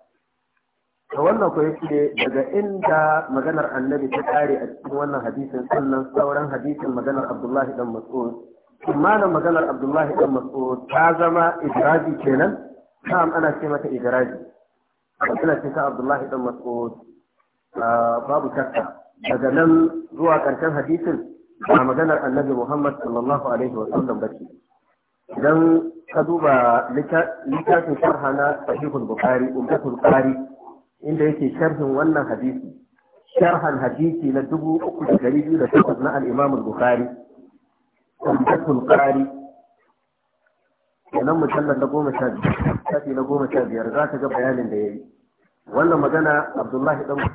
da wannan ko yake daga inda maganar annabi ta kare a cikin wannan hadisin sannan sauran hadisin maganar abdullahi dan mas'ud kimanin maganar abdullahi dan mas'ud ta zama idraji kenan kam ana ce mata idraji ana ce ta abdullahi dan mas'ud ah, babu shakka daga nan zuwa karshen hadisin ba maganar annabi muhammad sallallahu alaihi wa sallam idan ka duba littafin sharha na sahihul bukhari bukhari inda yake sharhin wannan hadisi sharhan hadisi na dubu uku da dari biyu da takwas na al'imam al-bukhari tambatul qari kenan mujallar na goma sha biyar sati na goma sha biyar za ka ga bayanin da ya yi wannan magana abdullahi dan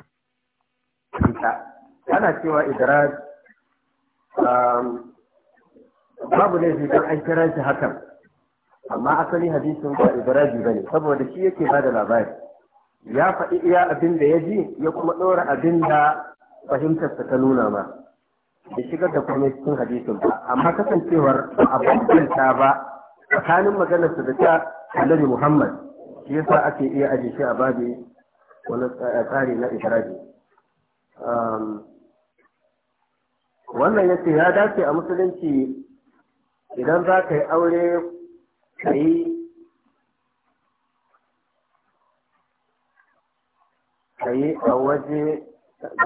ana cewa idraj um, babu ne don an kira shi hakan amma asali hadisin ba idraji bane saboda shi yake ba da labari ya faɗi iya abin da ya ji ya kuma ɗora abin da fahimtarsa ta nuna ma da shigar da kuma cikin hadisin ba amma kasancewar a ta ba tsakanin maganarsa da ta annabi muhammad shi yasa ake iya aje shi a babi wani tsari na isra'i um, wannan ya ce ya dace a musulunci idan za ka yi aure ka yi aka yi a waje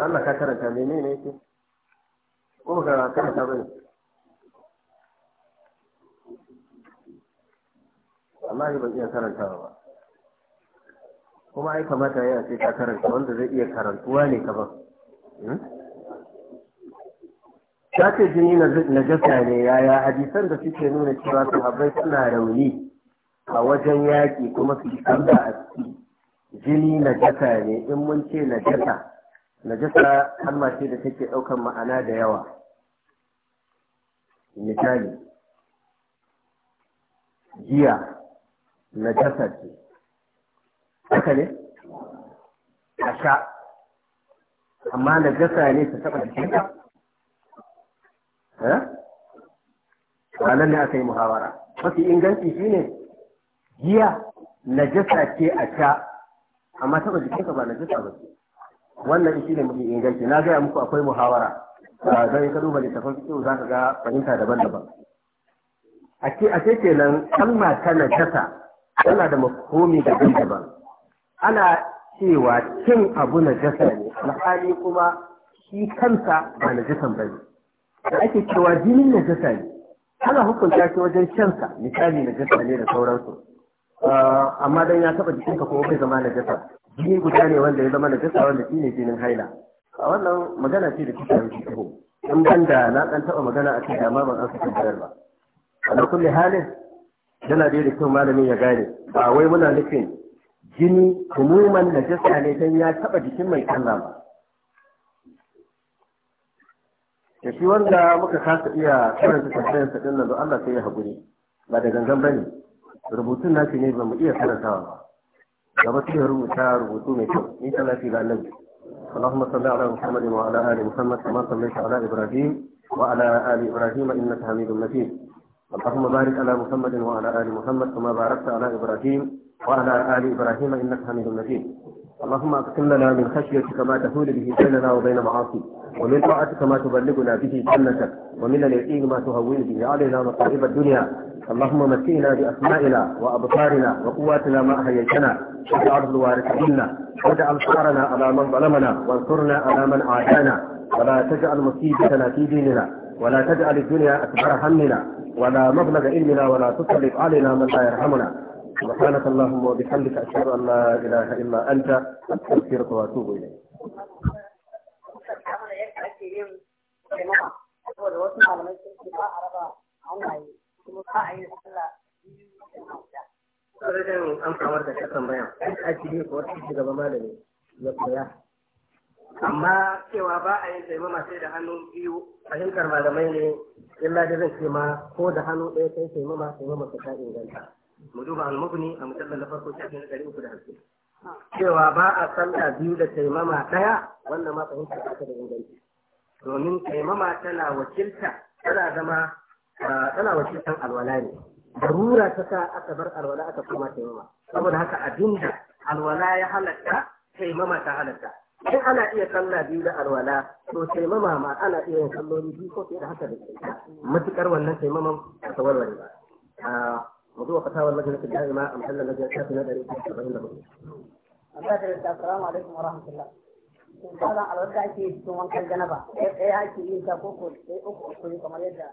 Allah ka karanta mene ne yake ko ka karanta bane amma ban iya karantawa ba kuma ai kamata ya ce ka karanta wanda zai iya karantuwa ne ka ba ta hmm? ce jini na jasa ne yaya hadisan da suke nuna cewa sahabbai suna rauni a wajen yaƙi kuma su yi a ciki jini na jasa ne in mun ce na na jasa amma ce da take ɗaukar ma'ana da yawa misali jiya na jasa ce haka ne a sha amma jasa ne ta taɓa jikinka Wannan eh? ne aka yi muhawara mafi inganci shine jiya najasa ce a sha amma taba jikin ka ba na jisa ba wannan shi ne mafi inganci na gaya muku akwai muhawara ah, don ka duba littafin fiƙi za ka ga fahimta daban-daban a ce a ce kenan kalma ta jasa tana da mafhumi daban-daban ana cewa cin abu na jasa ne alhali kuma shi kansa ba na ba ne da ake cewa jinin jasa ne ana hukunta shi wajen shansa misali na jasa ne da sauransu Ah, amma dan ya taba jikinka ko bai zama na jasa. jini guda ne wanda ya zama na jasa, wanda shine jinin haila a ah, wannan magana ce da kika yi ko in ban da na kan taba magana a cikin jama'a, ban aka tambayar ba ala kulli halin yana da da kyau malamin ya gane ba wai muna nufin jini na jasa ne dan ya taba jikin mai Allah ba da shi wanda muka kasa iya karanta tambayar sa din nan Allah sai ya haƙuri ba da gangan bane rubutun nashi ne ba mu iya karantawa ba gaba sai ya rubuta rubutu mai kyau in sha lafi ga annabi اللهم صل على محمد وعلى ال محمد كما صليت على ابراهيم وعلى ال ابراهيم انك حميد مجيد اللهم بارك على محمد وعلى ال محمد كما باركت على ابراهيم وعلى ال ابراهيم انك حميد مجيد اللهم اقسم لنا من خشيتك ما تحول به بيننا وبين معاصيك ومن طاعتك ما تبلغنا به جنتك ومن اليقين ما تهون به علينا مصائب الدنيا اللهم مسينا باسمائنا وابصارنا وقواتنا ما احييتنا واجعله الوارث منا واجعل ثارنا على من ظلمنا وانصرنا على من عادانا ولا تجعل مصيبتنا في ديننا ولا تجعل الدنيا اكبر همنا ولا مبلغ علمنا ولا تسلط علينا من لا يرحمنا سبحانك اللهم وبحمدك أشهد أن لا إله إلا أنت أستغفرك وأتوب إليك kamar da kasan bayan, ne ko ya Amma cewa ba a yin taimama sai da hannu biyu fahimtar malamai ne, illa da zan ce ma ko da hannu ɗaya sai taimama taimama ta inganta. mu duba al-mubni a mujallar na farko shafi na ɗari uku da hamsin ah. cewa ba a sallah biyu da taimama ɗaya wannan ma fahimta ba ta da inganci domin taimama tana wakilta tana zama ah, tana wakiltan alwala ne darura ta sa aka bar alwala aka koma taimama saboda haka abinda alwala ya halatta taimama ta halatta in ana iya sallah biyu da alwala to taimama ma ana iya yin salloli biyu ko fiye da haka da matukar wannan taimaman ta warware ba ah, موضوع فتاوى اللجنة الدائمة محل اللجنة الشافية لدى السلام عليكم ورحمة الله. Sauran albarka ake yi tuman kan janaba, ɗaya ake yin ta koko sai uku uku ne kamar yadda.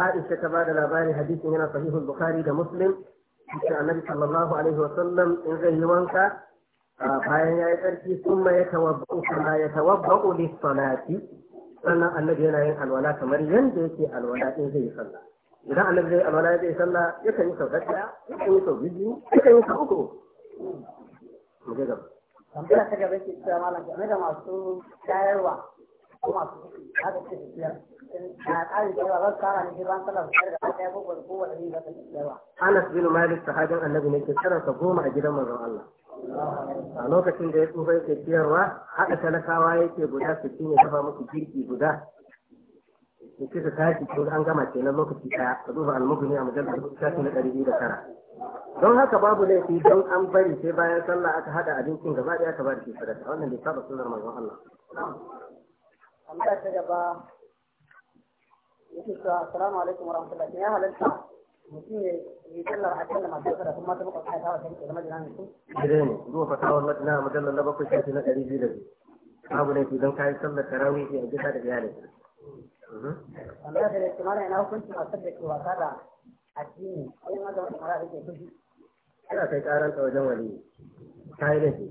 Aisha ta bada labarin hadisin yana sahihul Bukhari da Muslim, cikin annabi sallallahu alaihi wa sallam in zai yi wanka bayan ya yi tsarki sun ma ya tawabba'u kuma ya tawabba'u li salati sannan annabi yana yin alwala kamar yadda yake alwala in zai yi sallah. idan annabi zai amana zai sallah ya kan yi sau ɗaya kan yi sau biyu ya kan yi sau uku mu ga gaba tambaya ta gaba ke cewa malam game da masu shayarwa ko masu ciki haka ce da ciyar a tsarin cewa zan kara ne ban sallar da da ɗaya ko ba ko wanda ne zaka ciyarwa Anas bin Malik sahabin annabi ne ke karanta goma a gidan manzon Allah a lokacin da ya tsufa yake ciyarwa haka talakawa yake guda sittin ya dafa musu girki guda in ce ta tashi ko an gama kenan nan lokaci ɗaya ka duba almuguni a mujallar shafi na ɗari biyu da tara don haka babu laifi don an bari sai bayan sallah aka haɗa abincin gaba ɗaya ka ba da shi wannan sunar manzon Allah. Allah ta gaba yake assalamu alaikum wa rahmatullahi ya halatta mutum yi sallar a masu kada kuma ta ta wata ke su. ne, zuwa na mujallar na bakwai na Babu laifi don kayi sallar tarawih a gida da iyalin. أما الاستمارة أنا كنت أصدق وأتابع الدين أي ما دون مرأة كنت أنا في كارن أو جوالي كايرتي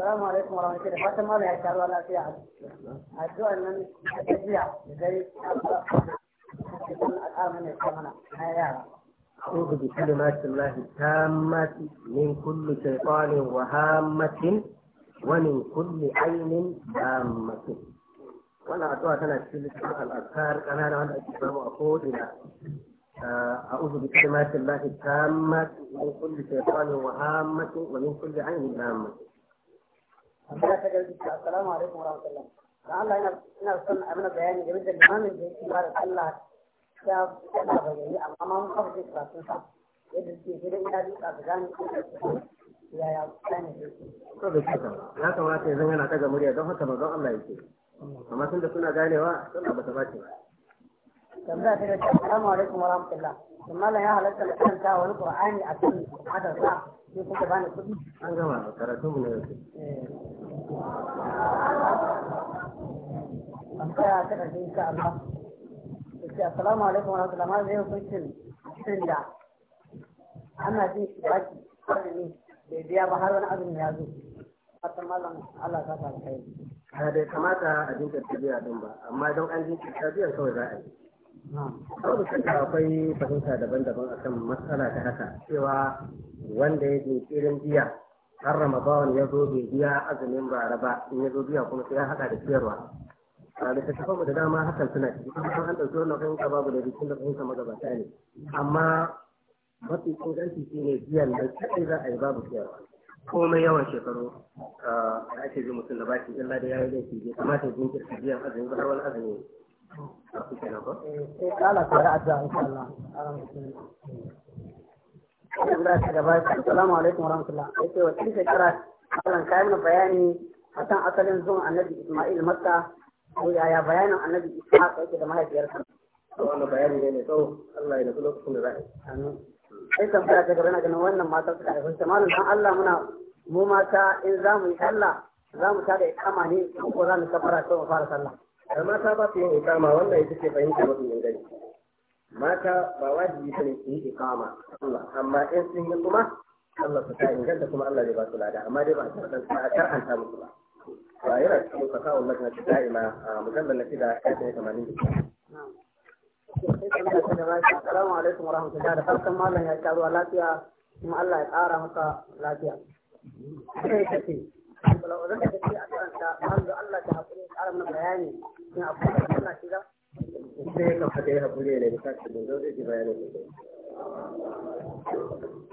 السلام عليكم ورحمة الله فاتن ما لها شعر ولا في أحد أرجو أن من لذلك الآن من الثمنة هيا أعوذ بكلمات الله التامة من كل شيطان وهامة wani kulli ainin damatu wannan addu'a tana cikin littafin al'azhar kanana wanda ake samu a kodina a uzu bi kalimati allahi tammat wa kulli shaytani wa hammatin wa min kulli ainin damatu assalamu alaikum wa rahmatullah Allah ina ina son a mana bayani game da limamin da yake bada sallah ya bayani amma mun kafa shi karatun sa yadda suke gidan ina duka ga gani Yaya to da shi ya kamata yanzu yana daga murya don haka manzon Allah yake amma tunda suna ganewa suna bata bace tambaya ta ce assalamu alaikum wa rahmatullah mallan ya halatta da karanta wani qur'ani a kan hadar sa sai kuka bani kuɗi an gama karatu mu ne yake eh. tambaya ta ce insha Allah ce assalamu alaikum wa rahmatullah mallan yau hukuncin shin da ana jin shi baki ne bai biya ba har wani abin ya zo fatan malam Allah ta samu kai a bai kamata a jinka tabiya din ba amma don an jinka tabiya kawai za a yi Saboda shakka akwai fahimta daban-daban akan matsala ta haka cewa wanda ya jinkirin biya har Ramadan ya zo bai biya azumin bara ba in ya zo biya kuma sai ya haɗa da ciyarwa. da littattafan mu da dama hakan suna cikin kuma an ɗauki wannan fahimta babu da bikin da fahimta magabata ne. Amma mafi inganci shi ne biyan da kaɗai za a yi babu siyarwa komai yawan shekaru a ake ji mutum da ba shi illa da yayi laifi bai kamata ya jinkirta biyan azumi ba har wani azumi a kuke nan ba. Kala tare a ta insha Allah. Alhamdulillah ta gaba. Assalamu alaikum wa rahmatullah. Yake wa cikin shekara Alan kayan bayani a kan asalin zuwan annabi Ismail Makka yaya bayanin annabi Ismail yake da mahaifiyarsa. Wannan bayani ne mai tsawo Allah ya nufi lokacin da za a yi. ai tambaya ta gaba na ganin wannan matar suka haifin ta malam dan Allah muna mu mata in za mu yi sallah za mu tada ikama ne ko za mu kafara ko mu fara sallah da mata ba su yin ikama wannan ita ce fahimta mafi gani. mata ba wajibi su ne su yi ikama amma in sun yi kuma Allah su ta inganta kuma Allah zai ba su lada amma dai ba a karanta musu ba ba yana cikin fasahar Allah na ta da'ima a mujallar na shida ya ce 80 Assalamu alaikum wa rahmatullahi da farkon malam ya sha ruwa lafiya kuma Allah ya ƙara maka lafiya. Sai da a karanta, malam bayani,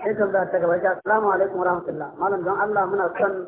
kan za ta gaba, Assalamu alaikum wa rahmatullahi. Malam don Allah muna son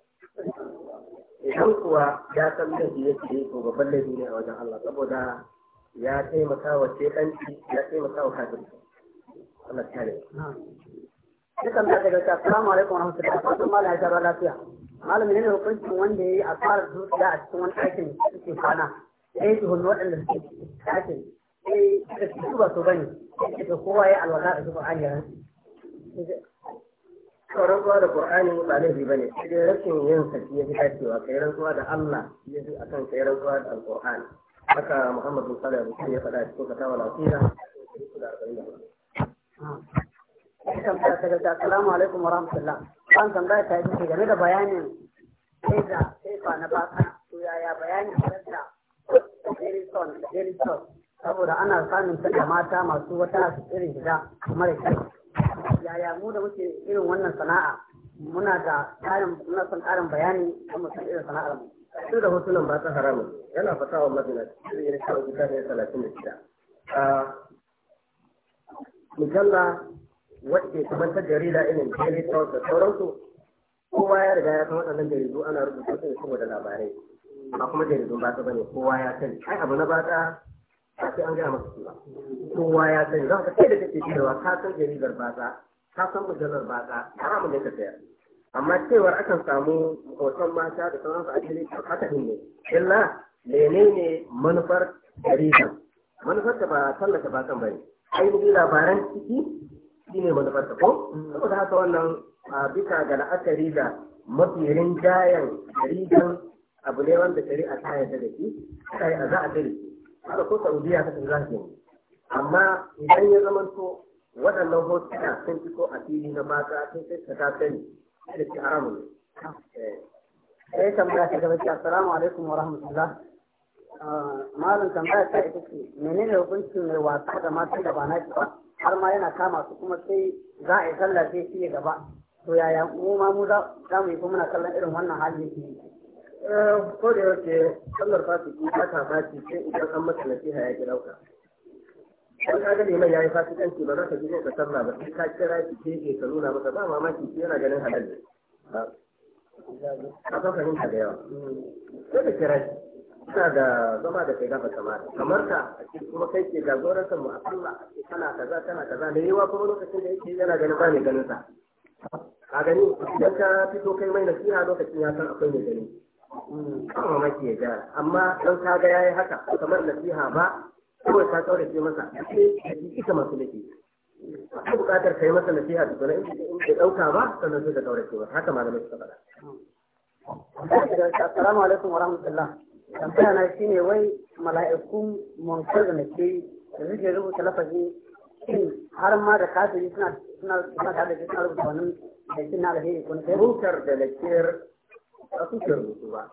idan kuwa ya san laifi ya yi to babban laifi ne a wajen Allah saboda ya taimaka wa shekanci ya taimaka wa kafin Allah ta ne dukan da daga ta salamu alaikum wa rahmatullahi wa barakatuh mallam ya lafiya malam ne hukuncin wanda yi a fara zuciya a cikin wani aikin suke kwana sai yi hulwa waɗanda suke aikin sai da su ba su bane sai kowa ya yi alwala da su ba an yaran rantsuwa da Qur'ani ba laifi bane sai dai rashin yin sa ya fi dacewa kai rantsuwa da Allah ya fi akan kai rantsuwa da Al-Qur'ani haka Muhammad bin Salih bin ya faɗa cikin fatawa lafiya Assalamu alaikum wa rahmatullah. Ban tambaya ta yi game da bayanin sai da sai fa na baka to yaya bayanin sarda Harrison Harrison saboda ana samun sanda mata masu wata irin gida mara kyau. yaya mu da muke irin wannan sana'a muna da tsarin muna son tsarin bayani kan mutum irin sana'ar mu su da hotunan ba ta haramun yana fata wa madina cikin irin shawo guda ne talatin da shida ah, mujalla wacce kuma ta jarida irin daily talk da sauransu kowa ya riga ya san waɗannan jaridu ana rubuta su saboda labarai ba kuma jaridun ba ta bane kowa ya sani ai abu na bata ba sai an gaya masa su ba kowa ya sani za ka kai da kake cewa ka san jaridar ba ta ka san mujallar baka haramun ne ka sayar amma cewar akan samu hoton mata da su a cikin haka ne illa menene manufar jarida manufar ta ba tallata kan bane ni labaran ciki shine manufar ta ko saboda haka wannan bisa ga la'akari da mafirin jayan jaridan abu ne wanda shari'a ta yarda da shi ta a za a tare haka ko saudiya ta za su amma idan ya zamanto waɗannan hotuna sun ko a fili na mata sun sai ta tafi sani da cikin haramu ne eh, sai tambaya ta gaba ce assalamu alaikum wa rahmatullah ah, malam tambaya ta ita ce menene hukuncin mai wasa da matan da ba na ba har ma yana kama su kuma sai za a yi sallah sai shi gaba to yaya mu ma mu za mu yi kuma muna kallon irin wannan hali ne. yi eh, ko da yake sallar fasiki ta kama ce sai idan an mata nasiha ya ki dauka kan ka ga liman yayi fasikanci ba za ka je ka sarna ba sai ka kira shi ke ke ka nuna masa ba mamaki shi yana ganin halal ne a kan fahimta da yawa sai ka kira shi ina da zama da kai gafa kamar kamar ka a cikin kuma kai ke jagoran mu a sallah kana kaza kana kaza da yawa kuma lokacin da yake yana ganin ba mai ganin sa a gani idan ka fito kai mai nasiha lokacin ya san akwai mai gani kan mamaki ya gyara amma dan ka ga yayi haka kamar nasiha ba kawai ka kaura ce masa a ita masu laifi akwai buƙatar kai masa na nasiha da sanar in ka ɗauka ba sannan sai ka kaura ce masa haka malamai suka faɗa. Assalamu alaikum wa rahmatullah. Tambaya na shine wai mala'ikun munkar da nake da suke rubuta lafazi shin har ma da kafiri suna suna suna tare da suna rubuta wannan da suna alheri ko na kai. Munkar da nakir ba su rubutu ba.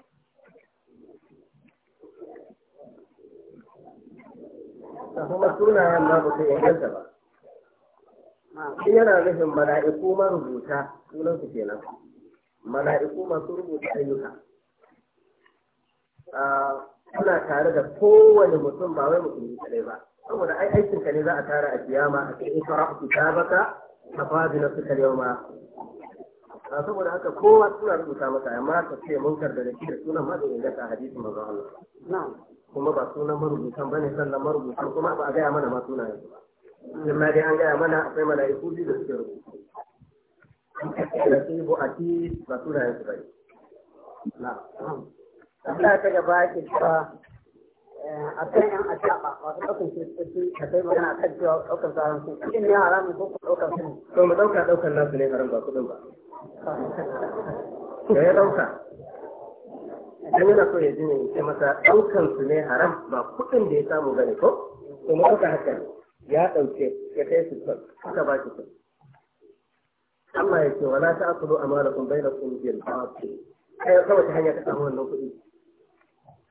da kuma sunayen ma ba su inganta ba shi yana nufin mala'iku marubuta sunan su kenan mala'iku masu rubuta ayyuka ah, suna tare da kowane mutum ba wai mutum kadai ba saboda ai aikin ka ne za a tara a kiyama a cikin fara baka, a na suka yau ma a ah, saboda haka kowa suna rubuta maka amma ka ce munkar da nake da sunan ma da inganta hadisin manzo Allah na'am kuma ba sunan marubutan bane sannan marubutan kuma ba a gaya mana ma sunayen su ba amma dai an gaya mana akwai mala'iku biyu da suke rubutu da su bu ati ba sunayen su bane na'am Allah ta gaba yake cewa eh, a kan yan ashaba wasu ɗaukan kiristoci da kai magana kan cewa ɗaukan sauran su shi ne haramun ko ku ɗaukan su ne. To mu ɗauka ɗaukan nasu ne haram ba kuɗin ba. da ya ɗauka idan yana so ya ji ne ce masa ɗaukan su ne haram ba kuɗin da ya samu gani ko to mu ɗauka haka ne ya ɗauke ya kai su suka ba shi kuɗi Allah ya ce wala ta'kulu amalakum bainakum bil batil kai kawai ta hanya ta samu wannan kuɗi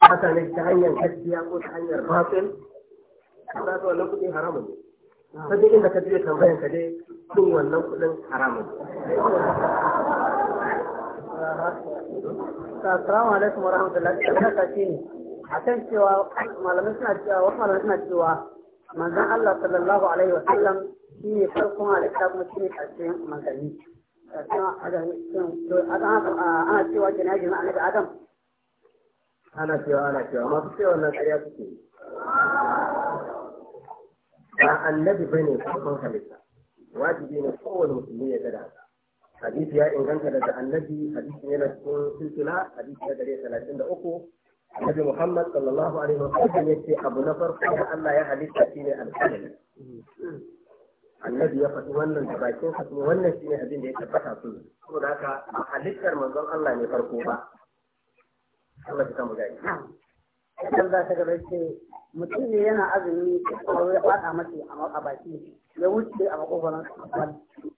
haka ne ta hanyar gaskiya ko ta hanyar batil ka ta wannan kuɗi haramun ne ta duk inda ka je tambayan ka dai cin wannan kuɗin haramun Assalamu alaikum wa rahmatullahi wa barakatuh. Akan cewa malamai suna cewa wasu malamai suna cewa manzon Allah sallallahu alaihi wa sallam shine farkon halitta kuma shine karshen manzanni. Ana cewa kenan jin annabi Adam. Ana cewa ana cewa masu cewa na ƙarya suke. ba annabi ne farkon halitta wajibi ne kowane musulmi ya gada haka hadisi ya inganta daga annabi hadisi yana cikin silsila hadisi ya gare talatin da uku annabi muhammad sallallahu alaihi wa sallam ya ce abu na farko da allah ya halitta shine alƙalami annabi ya faɗi wannan da bakin sa kuma wannan shine abin da ya tabbata su saboda haka halittar manzon allah ne farko ba Allah ya samu gani kan za ta gaba ce mutum ne yana azumi a ya faɗa mace a baki ya wuce a makogoron